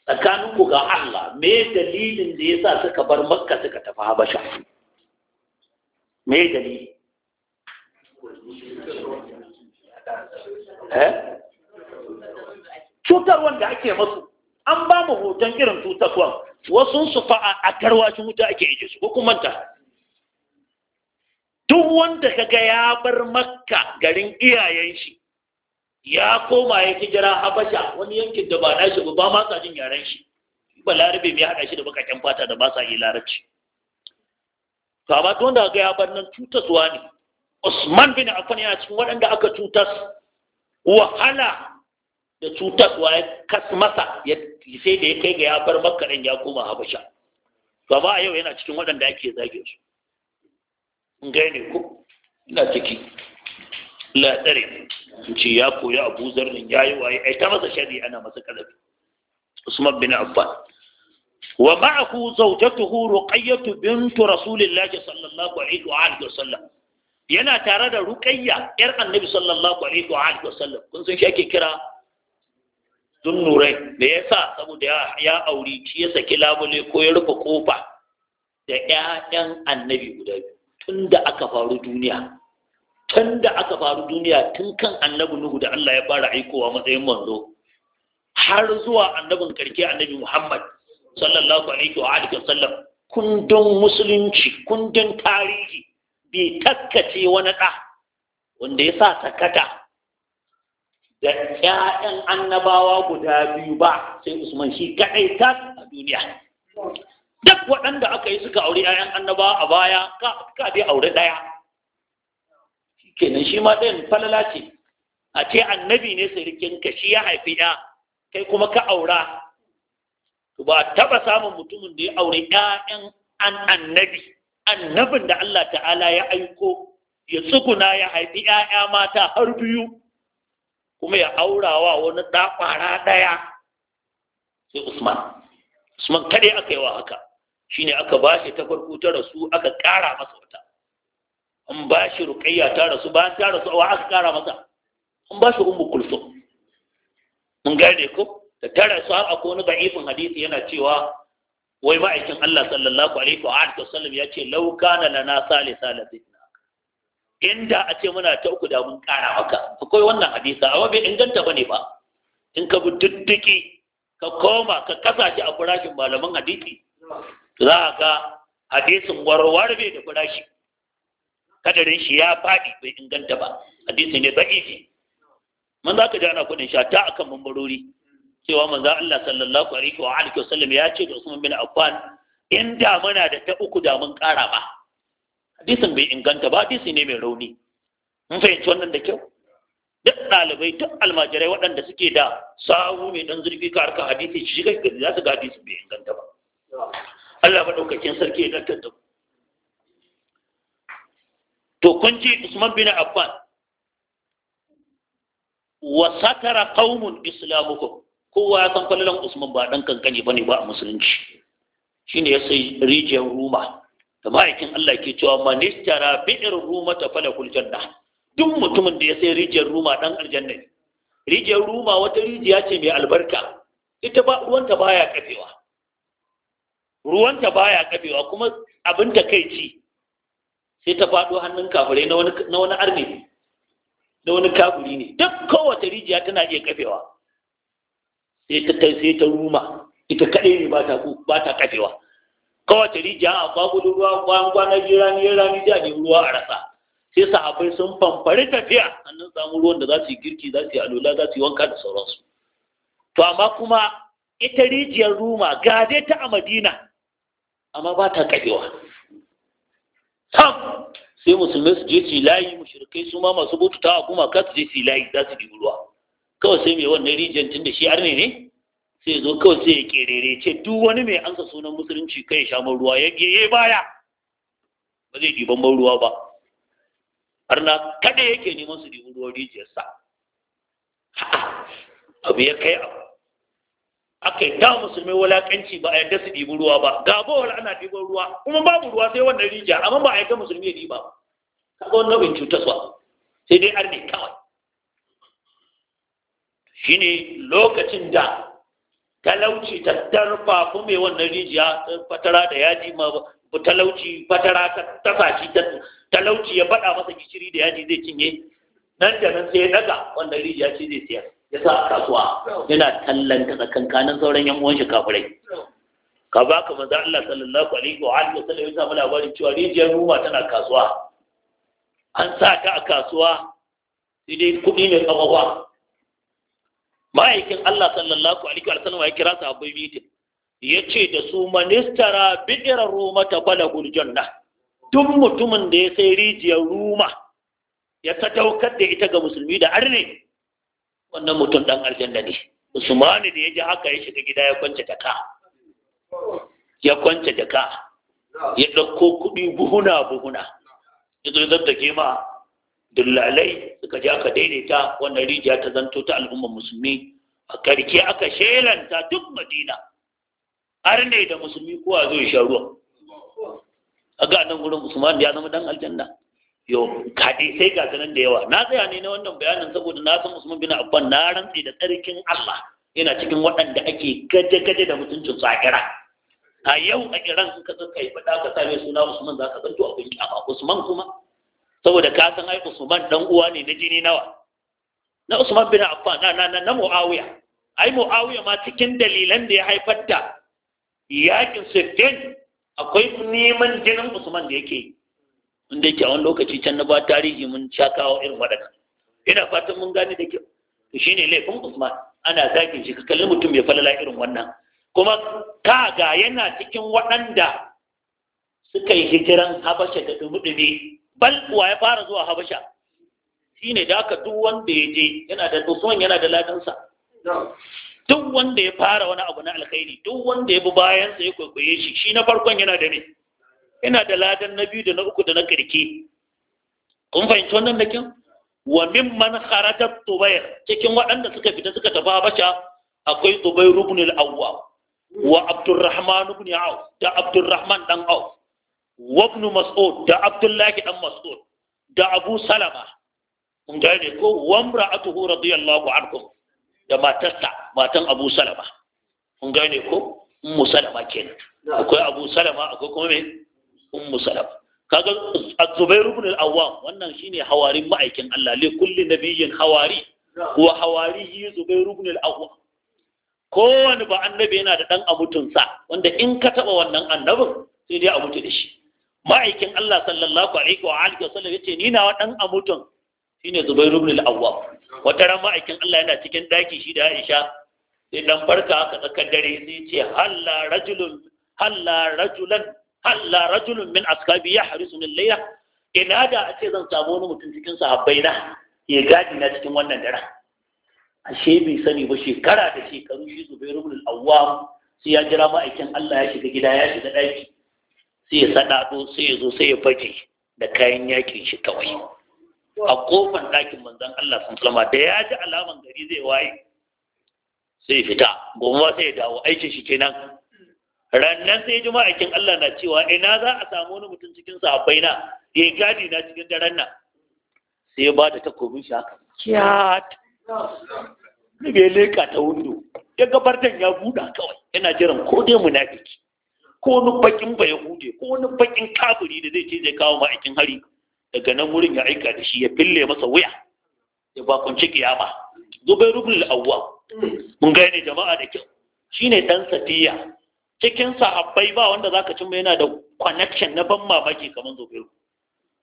tsakanin ku ga Allah me dalilin da yasa suka bar Makka suka tafi Habasha me dalili Eh? cutar wanda ake masu an ba mu hoton irin cutarwan wasu su fa'a a karwashin wuta ake yi su ko kuma duk wanda kaga ya bar makka garin iyayen shi ya koma ya jira habasha wani yankin da ba na shi ba ma sa jin yaren shi ba larabe mai haɗa shi da bakakken fata da ba sa yi larabci to amma ga ya bar nan cutaswa ne Usman bin Affan yana cikin waɗanda aka cutas wahala da cutarwa ya kas masa sai da ya kai ga ya bar makarin ya koma habasha to ba yau yana cikin waɗanda ake zage su in gane ko ina ciki la tsare in ce ya koya abu zarrin ya yi waye ai ta masa shari'a, ana masa kalabi usman bin affan wa ma'ahu zawjatuhu ruqayyatu bint rasulillahi sallallahu alaihi wa alihi wa sallam yana tare da ruƙayya yar annabi sallallahu alaihi wa alihi wasallam kun san shi ake kira zunnurai Me yasa saboda ya auri shi ya saki labule ko ya rufe kofa da ƴaƴan annabi guda biyu tun da aka faru duniya tun da aka faru duniya tun kan annabi nuhu da Allah ya fara aikowa matsayin manzo har zuwa annabin karke annabi Muhammad sallallahu alaihi wa alihi wasallam kundin musulunci kundin tarihi bai taskace wani ɗa wanda ya sa sakata da ƴaƴan annabawa guda biyu ba sai Usman shi kaɗai ta a duniya. Duk waɗanda aka yi suka auri ƴaƴan annabawa a baya ka dai aure ɗaya. Kenan shi ma ɗayan falala ce, a ce annabi ne ka shi ya haifi ya kai kuma ka aura. Ba taɓa samun mutumin da ya aure ƴaƴan an annabi annabin da Allah ta'ala ya aiko ya tsuguna ya haifi 'ya'ya mata har biyu kuma ya aurawa wani ɗafara ɗaya sai Usman Usman kare aka yi wa haka shi ne aka ba shi ta farko ta rasu aka ƙara masa wata an ba shi ruƙayya ta rasu bayan ta rasu awa aka ƙara masa an ba shi umu kulso. mun gane ko da ta rasu har akwai wani baifin hadisi yana cewa wai ma'aikin Allah sallallahu alaihi wa sallam ya ce law kana lana salisa la inda a ce muna ta uku da mun kara maka akwai wannan hadisa amma bai inganta bane ba in ka bi diddiki ka koma ka kasa shi a farashin malaman hadisi za a ga hadisin warware bai da farashi kadarin shi ya faɗi bai inganta ba hadisi ne da'ifi Mun za ka ji ana kuɗin sha ta akan mambarori cewa manzo Allah sallallahu alaihi wa alihi wasallam ya ce da Usman bin Affan in da muna da ta uku da mun ƙara ba hadisin bai inganta ba hadisi ne mai rauni mun fahimci wannan da kyau duk ɗalibai duk almajirai waɗanda suke da sahu mai dan zurfi ka harka hadisi shi ga gari za su ga hadisi bai inganta ba Allah daukakin sarki ya dantar da to kun ji Usman bin Affan wa satara qaumun islamukum kowa ya san falalan usman ba dan kankani bane ba a musulunci shine ya sai rijiyar ruma da ma'aikin Allah ke cewa manistara bi'ir ruma ta falakul janna duk mutumin da ya sai rijiyar ruma dan aljanna ne rijiyar ruma wata rijiya ce mai albarka ita ba ruwanta baya kafewa ruwanta baya kafewa kuma abin ci sai ta faɗo hannun kafare na wani arni na wani kafuri ne duk kowace rijiya tana iya kafewa sai ta kai sai ta ruma ita kaɗai ne ba ta ba ta kafewa kawai ta rijiya a kwakudu ruwa na jira jirani jira rani jira ne ruwa a rasa sai sahabai sun fanfari tafiya Hannun samu ruwan da za su yi girki za su yi alola za su yi wanka da sauransu to amma kuma ita rijiyar ruma ga dai ta a madina amma ba ta kafewa. sam sai musulmai su je su layi mushrikai su ma masu bututawa kuma ka su je su layi za su yi ruwa kawai sai mai wannan rijiyar tun da shi arne ne sai zo kawai sai ya kerere ce duk wani mai ansa sunan musulunci kai sha man ruwa ya geye baya ba zai diban man ruwa ba arna kada yake neman su ruwa ruwan rijiyarsa abu ya kai abu aka yi ta musulmi walakanci ba a yarda su dibi ruwa ba ga bawar ana diban ruwa kuma babu ruwa sai wannan rijiya amma ba a yarda musulmi ya diba ba kaga wannan bin cutarwa sai dai arne kawai shine lokacin da talauci ta tarfa kuma wannan rijiya fatara da yaji ma talauci fatara ta ta talauci ya faɗa masa gishiri da yaji zai cinye nan da nan sai ya daga wannan rijiya ce zai siyar ya sa a kasuwa yana tallan ta tsakankanin sauran yan uwan shi ka ba ka manzo Allah sallallahu alaihi wa alihi wasallam ya samu labarin cewa rijiyar ruwa tana kasuwa an sa ta a kasuwa sai dai kuɗi ne kamawa ma'aikin Allah sallallahu alaihi wa sallam ya kira sahabbai mitin ce da su manistara bidira Roma ta balagul janna Tun mutumin da ya sai rijiyar ruma ya daukar da ita ga musulmi da arne wannan mutum dan aljanna ne usmani da ya ji haka ya shiga gida ya kwance jaka ya kwance ya ɗauko kuɗi buhuna buhuna ya zo ma dillalai suka je aka daidaita wannan rijiya ta zanto ta al'ummar musulmi a karke aka shelanta duk madina har ne da musulmi kowa zai sha ruwa a ga nan gurin usman ya zama dan aljanna yo kaɗai sai ga sanan da yawa na tsaya ne na wannan bayanin saboda na san usman bin affan na rantsi da tsarkin allah yana cikin waɗanda ake gaje-gaje da mutuncin su a kira a yau a iran in ka yi faɗa ka same suna usman za ka zanto abin kyama usman kuma saboda ka san ai Usman dan uwa ne na jini nawa na Usman bin Affan na na na Muawiya ai Muawiya ma cikin dalilan da ya haifar da yakin Siffin akwai neman jinin Usman da yake inda yake a wani lokaci can na ba tarihi mun sha kawo irin waɗannan ina fatan mun gane da kyau shine laifin Usman ana zagin shi ka kalli mutum ya falala irin wannan kuma kaga yana cikin waɗanda suka yi hijiran habasha da dubu bal wa ya fara zuwa habasha shine da aka duk wanda ya je yana da usman yana da ladansa duk wanda ya fara wani abu na alkhairi duk wanda ya bi bayansa ya kwaikwaye shi shi na farkon yana da ne yana da ladan na biyu da na uku da na ƙirƙi. kun fahimci wannan da kin wa man kharaja tubayr cikin waɗanda suka fita suka tafi habasha akwai tubayr ibn al-awwa wa abdurrahman ibn auf da abdurrahman dan auf wabnu mas'ud da abdullahi dan mas'ud da abu salama kun gane ko wamra'atuhu radiyallahu anhu da matarsa matan abu salama kun ko ummu salama kenan akwai abu salama akwai kuma me ummu salama kaga az-zubair ibn al-awwam wannan shine hawarin ma'aikin Allah li kulli nabiyyin hawari wa hawarihi zubair ibn al-awwam kowane ba annabi yana da dan sa, wanda in ka taba wannan annabin sai dai a mutu da shi ma'aikin Allah sallallahu alaihi wa alihi wasallam yace ni na dan amutun shine zubairu ibn al-Awwam wata ran ma'aikin Allah yana cikin daki shi da Aisha sai dan barka aka tsakar dare sai ce halla rajulun halla rajulan halla rajulun min askabi yahrisu min layla ina da a ce zan samu wani mutum cikin sahabbai na ya gadi na cikin wannan daren ashe bai sani ba shekara da shekaru shi zubairu bin al-awwam sai ya jira ma'aikin Allah ya shiga gida ya shiga daki sai ya saɗaɗo sai ya zo sai ya faje da kayan yakin shi kawai a kofar ɗakin manzan Allah sun salama da ya ji alaman gari zai waye sai fita gobe ma sai ya dawo aikin shi kenan rannan sai ji ma'aikin Allah na cewa ina za a samu wani mutum cikin sahabbai na ya gadi na cikin daren nan sai ba da takobin shi haka kiyat ne bai leka ta wundo ya gabartan ya buɗa kawai yana jiran ko dai munafiki ko wani bakin ba hude ko wani bakin kafiri da zai ce zai kawo ma'aikin hari daga nan wurin ya aika da shi ya fille masa wuya ya bakunci kiyama zubai rubin awwa mun gane jama'a da kyau shine dan safiya cikin sahabbai ba wanda zaka cin yana da connection na ban mamaki kamar zubairu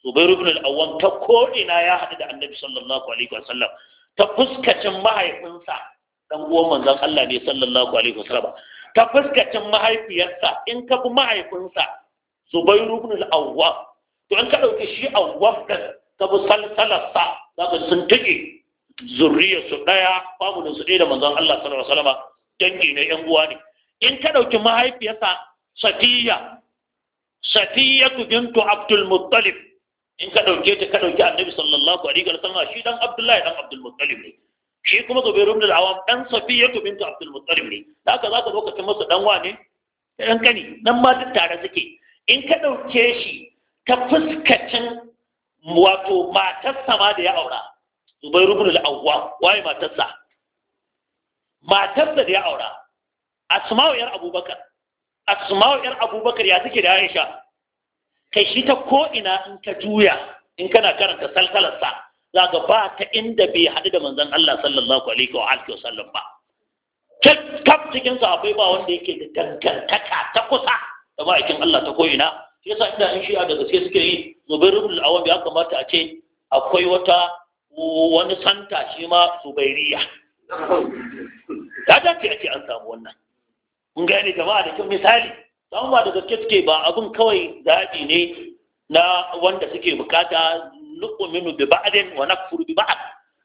zubairu ibn al ta ko ina ya haɗu da annabi sallallahu alaihi wasallam ta fuskacin mahaifinsa dan uwan manzon Allah ne sallallahu alaihi wasallam ta fuskacin mahaifiyarsa in ka bi mahaifinsa zubairu ibn al to in ka ɗauki shi awwab din ka bi salsalarsa za ka sun tike zurriya su daya babu da su da manzon Allah sallallahu alaihi wasallam dangi ne yan uwa ne in ka ɗauki mahaifiyarsa safiya safiyatu bintu abdul muttalib in ka dauke ta ka ɗauki annabi sallallahu alaihi wasallam shi dan abdullahi dan abdul muttalib ne shi kuma Zubairu ibn al-awam dan safiyatu bint abdul muttalib ne da haka zaka lokacin masa dan wane dan kani dan ma duk tare suke in ka dauke shi ta fuskacin wato matarsa ma da ya aura zubair ibn al-awwam waye matarsa matarsa da ya aura asma'u yar abubakar asma'u yar abubakar ya take da aisha kai shi ta ko ina in ka juya in kana karanta salsalarsa za ka ba ta inda bai haɗu da manzan Allah sallallahu alaihi wa alihi wasallam ba kakkaf cikin akwai ba wanda yake da dangantaka ta kusa da ma'aikin Allah ta ko'ina shi yasa inda in shi'a da gaske suke yi mubarirul awam ya kamata a ce akwai wata wani santa shi ma subairiya ta dace ake ce an samu wannan mun gane jama'a da kyau misali samu ba da gaske suke ba abin kawai zaɓi ne na wanda suke bukata nu'minu bi ba'din wa nakfuru bi ba'd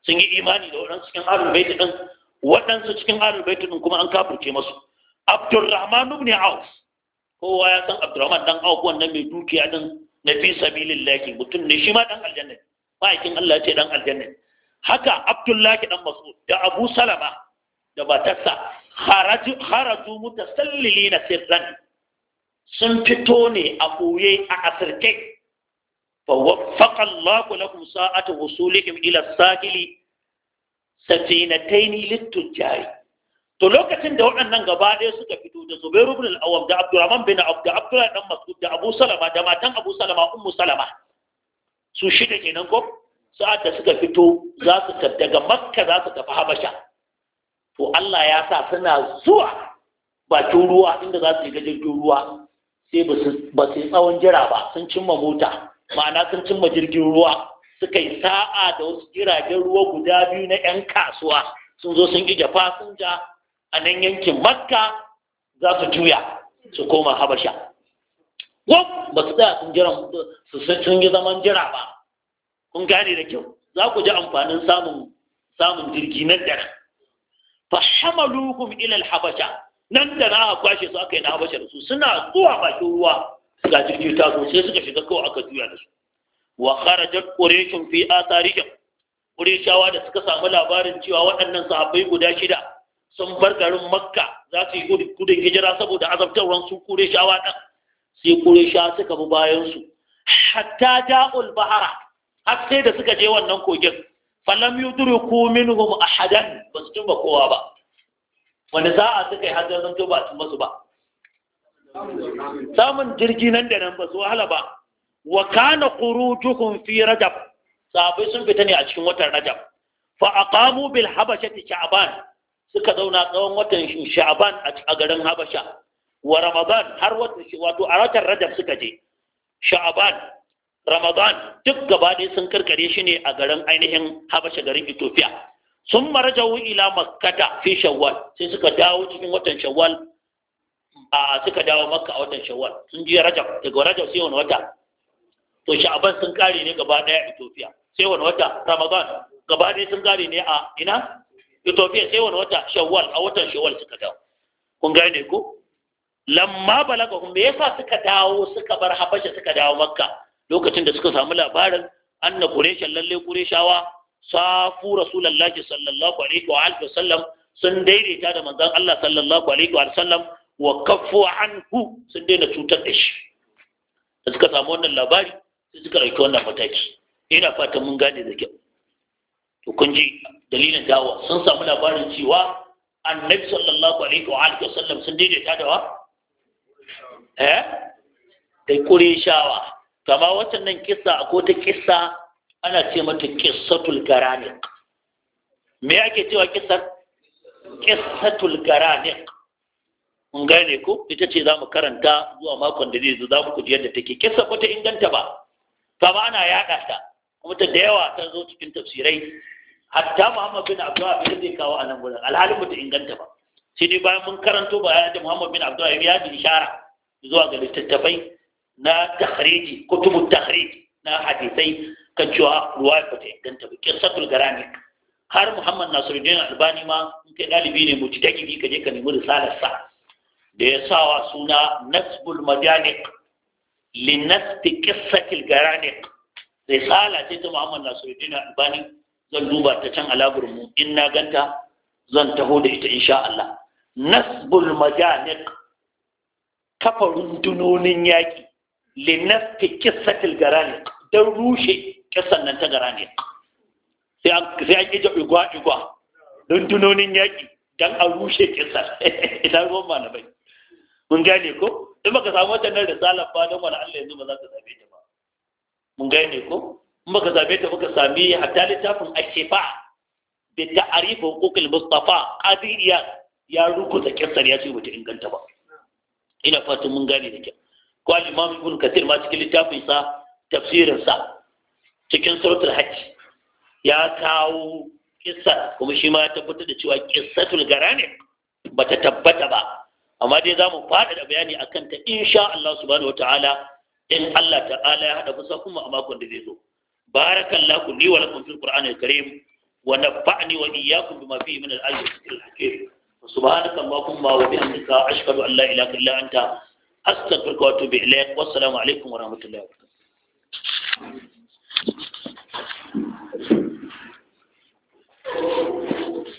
sun yi imani da waɗansu cikin ahlul bait din waɗansu cikin ahlul bait din kuma an kafirce masu Abdurrahman ibn Auf kowa ya san Abdurrahman dan Auf wannan mai dukiya din na fi sabilillahi mutum ne shi ma dan aljanna ma'aikin Allah ya ce dan aljanna haka Abdullahi dan Mas'ud da Abu Salama da matarsa kharaju mutasallili na sirran sun fito ne a ɓoye a asirke فوفق الله لهم ساعة وصولهم إلى الساحل safinataini littujari to lokacin da waɗannan gaba ɗaya suka fito da Zubairu ibn al-Awwam da Abdurrahman bin Auf da Abdullah dan Mas'ud da Abu Salama da matan Abu Salama Ummu Salama su shida kenan ko sa'ad da suka fito za su daga Makka za su tafi Habasha to Allah ya sa suna zuwa bakin ruwa inda za su yi gajejjen ruwa sai ba su tsawon jira ba sun cimma mota ma'ana sun cimma jirgin ruwa suka yi sa'a da wasu jiragen ruwa guda biyu na 'yan kasuwa sun zo sun ije fasinja a nan yankin makka za su juya su koma habasha wab ba su tsaya sun jira sun yi zaman jira ba kun gane da kyau za ku ji amfanin samun jirgi nan da fa hamaluhum ila al-habasha nan da na kwashe su aka yi na habasha da su suna zuwa bakin ruwa ga jirgi ta zo sai suka shiga kawai aka juya da su wa kharajat quraishun fi atharihim quraishawa da suka samu labarin cewa waɗannan sahabbai guda shida sun bar garin makka za su yi gudun hijira saboda azabtarwan su quraishawa din sai quraishawa suka bi bayan su hatta ja'ul bahara har sai da suka je wannan kogin falam yudriku minhum ahadan basu tuba kowa ba wanda a suka yi hajjar to ba tumba su ba samun jirgi nan da nan ba su wahala ba wa kana khurujuhum fi rajab sahabbai sun fita ne a cikin watan rajab fa aqamu bil habashati sha'ban suka zauna tsawon watan sha'ban a garin habasha wa ramadan har watan wato a watan rajab suka je sha'ban ramadan duk gaba ɗaya sun karkare shi ne a garin ainihin habasha garin ethiopia sun marajau ila makkata fi shawwal sai suka dawo cikin watan shawwal a suka dawo makka a watan shawwal sun ji rajab daga rajab sai wani wata to sha'aban sun kare ne gaba daya ethiopia sai wani wata ramadan gaba daya sun kare ne a ina ethiopia sai wani wata shawwal a watan shawwal suka dawo kun gane ko lamma balagahum me yasa suka dawo suka bar habasha suka dawo makka lokacin da suka samu labarin anna quraish lalle qurayshawa safu rasulullahi sallallahu alaihi wa alihi wasallam sun daidaita da manzon Allah sallallahu alaihi wa sallam wa kaffu anhu sun daina cutar da shi da suka samu wannan labari sai suka rauki wannan mataki ina fatan mun gane da kyau to kun ji dalilin dawa sun samu labarin cewa annabi sallallahu alaihi wa alihi wasallam sun daina ta dawa? eh dai shawa kama wata nan kissa ko ta kissa ana ce mata kissatul garaniq me ake cewa kissar kissatul garaniq mun gane ko ita ce za mu karanta zuwa makon da zai zo za mu kuji yadda take kisa ko ta inganta ba ta ba ana yaɗa ta kuma ta da yawa ta zo cikin tafsirai hatta muhammad bin abdullah bin zai kawo a nan gudan alhalin bata inganta ba sai dai bayan mun karanto ba yadda muhammad bin abdullah ya yi ishara zuwa ga littattafai na tahriji kutubu tahriji na hadisai kan cewa ruwa bata inganta ba kissatul garani har muhammad nasiruddin albani ma in kai dalibi ne mu ji dakibi ka je ka nemi risalar sa da ya sa wa suna nasbul majanik linnasti kissatil garanik risala ce ta muhammad nasiruddin albani zan duba ta can alaburmu in na ganta zan taho da ita insha Allah nasbul majanik kafa rundunonin yaƙi linasti kissatil garanik don rushe kissan nan ta garanik sai an ƙi gwa gwa rundunonin yaƙi don a rushe kisar [laughs] ita ruwan ba na bai mun gane ko in baka samu wata nan risalar ba don wani Allah yanzu ba za ka same ta ba mun gane ko in baka same ta baka sami hatta littafin ashifa bi ta'rif huquqil mustafa qadiriya ya rukuta kissar ya ce bata inganta ba ina fatan mun gane da kyau ko al-imam ibn kathir ma cikin littafin sa tafsirin sa cikin suratul hajj ya kawo kissa kuma shi ma ya tabbatar da cewa qissatul Ba bata tabbata ba amma dai za mu faɗaɗa bayani a kanta insha Allah subhanahu wataala in Allah ta'ala ya haɗa kusa kuma a makon da zai zo barakallahu li wa lakum fil qur'anil karim wa nafa'ni wa iyyakum bima fihi min al-ayati al hakim subhanaka allahumma wa bihamdika ashhadu an la ilaha illa anta astaghfiruka wa atubu ilayk wa assalamu alaikum wa rahmatullahi wa barakatuh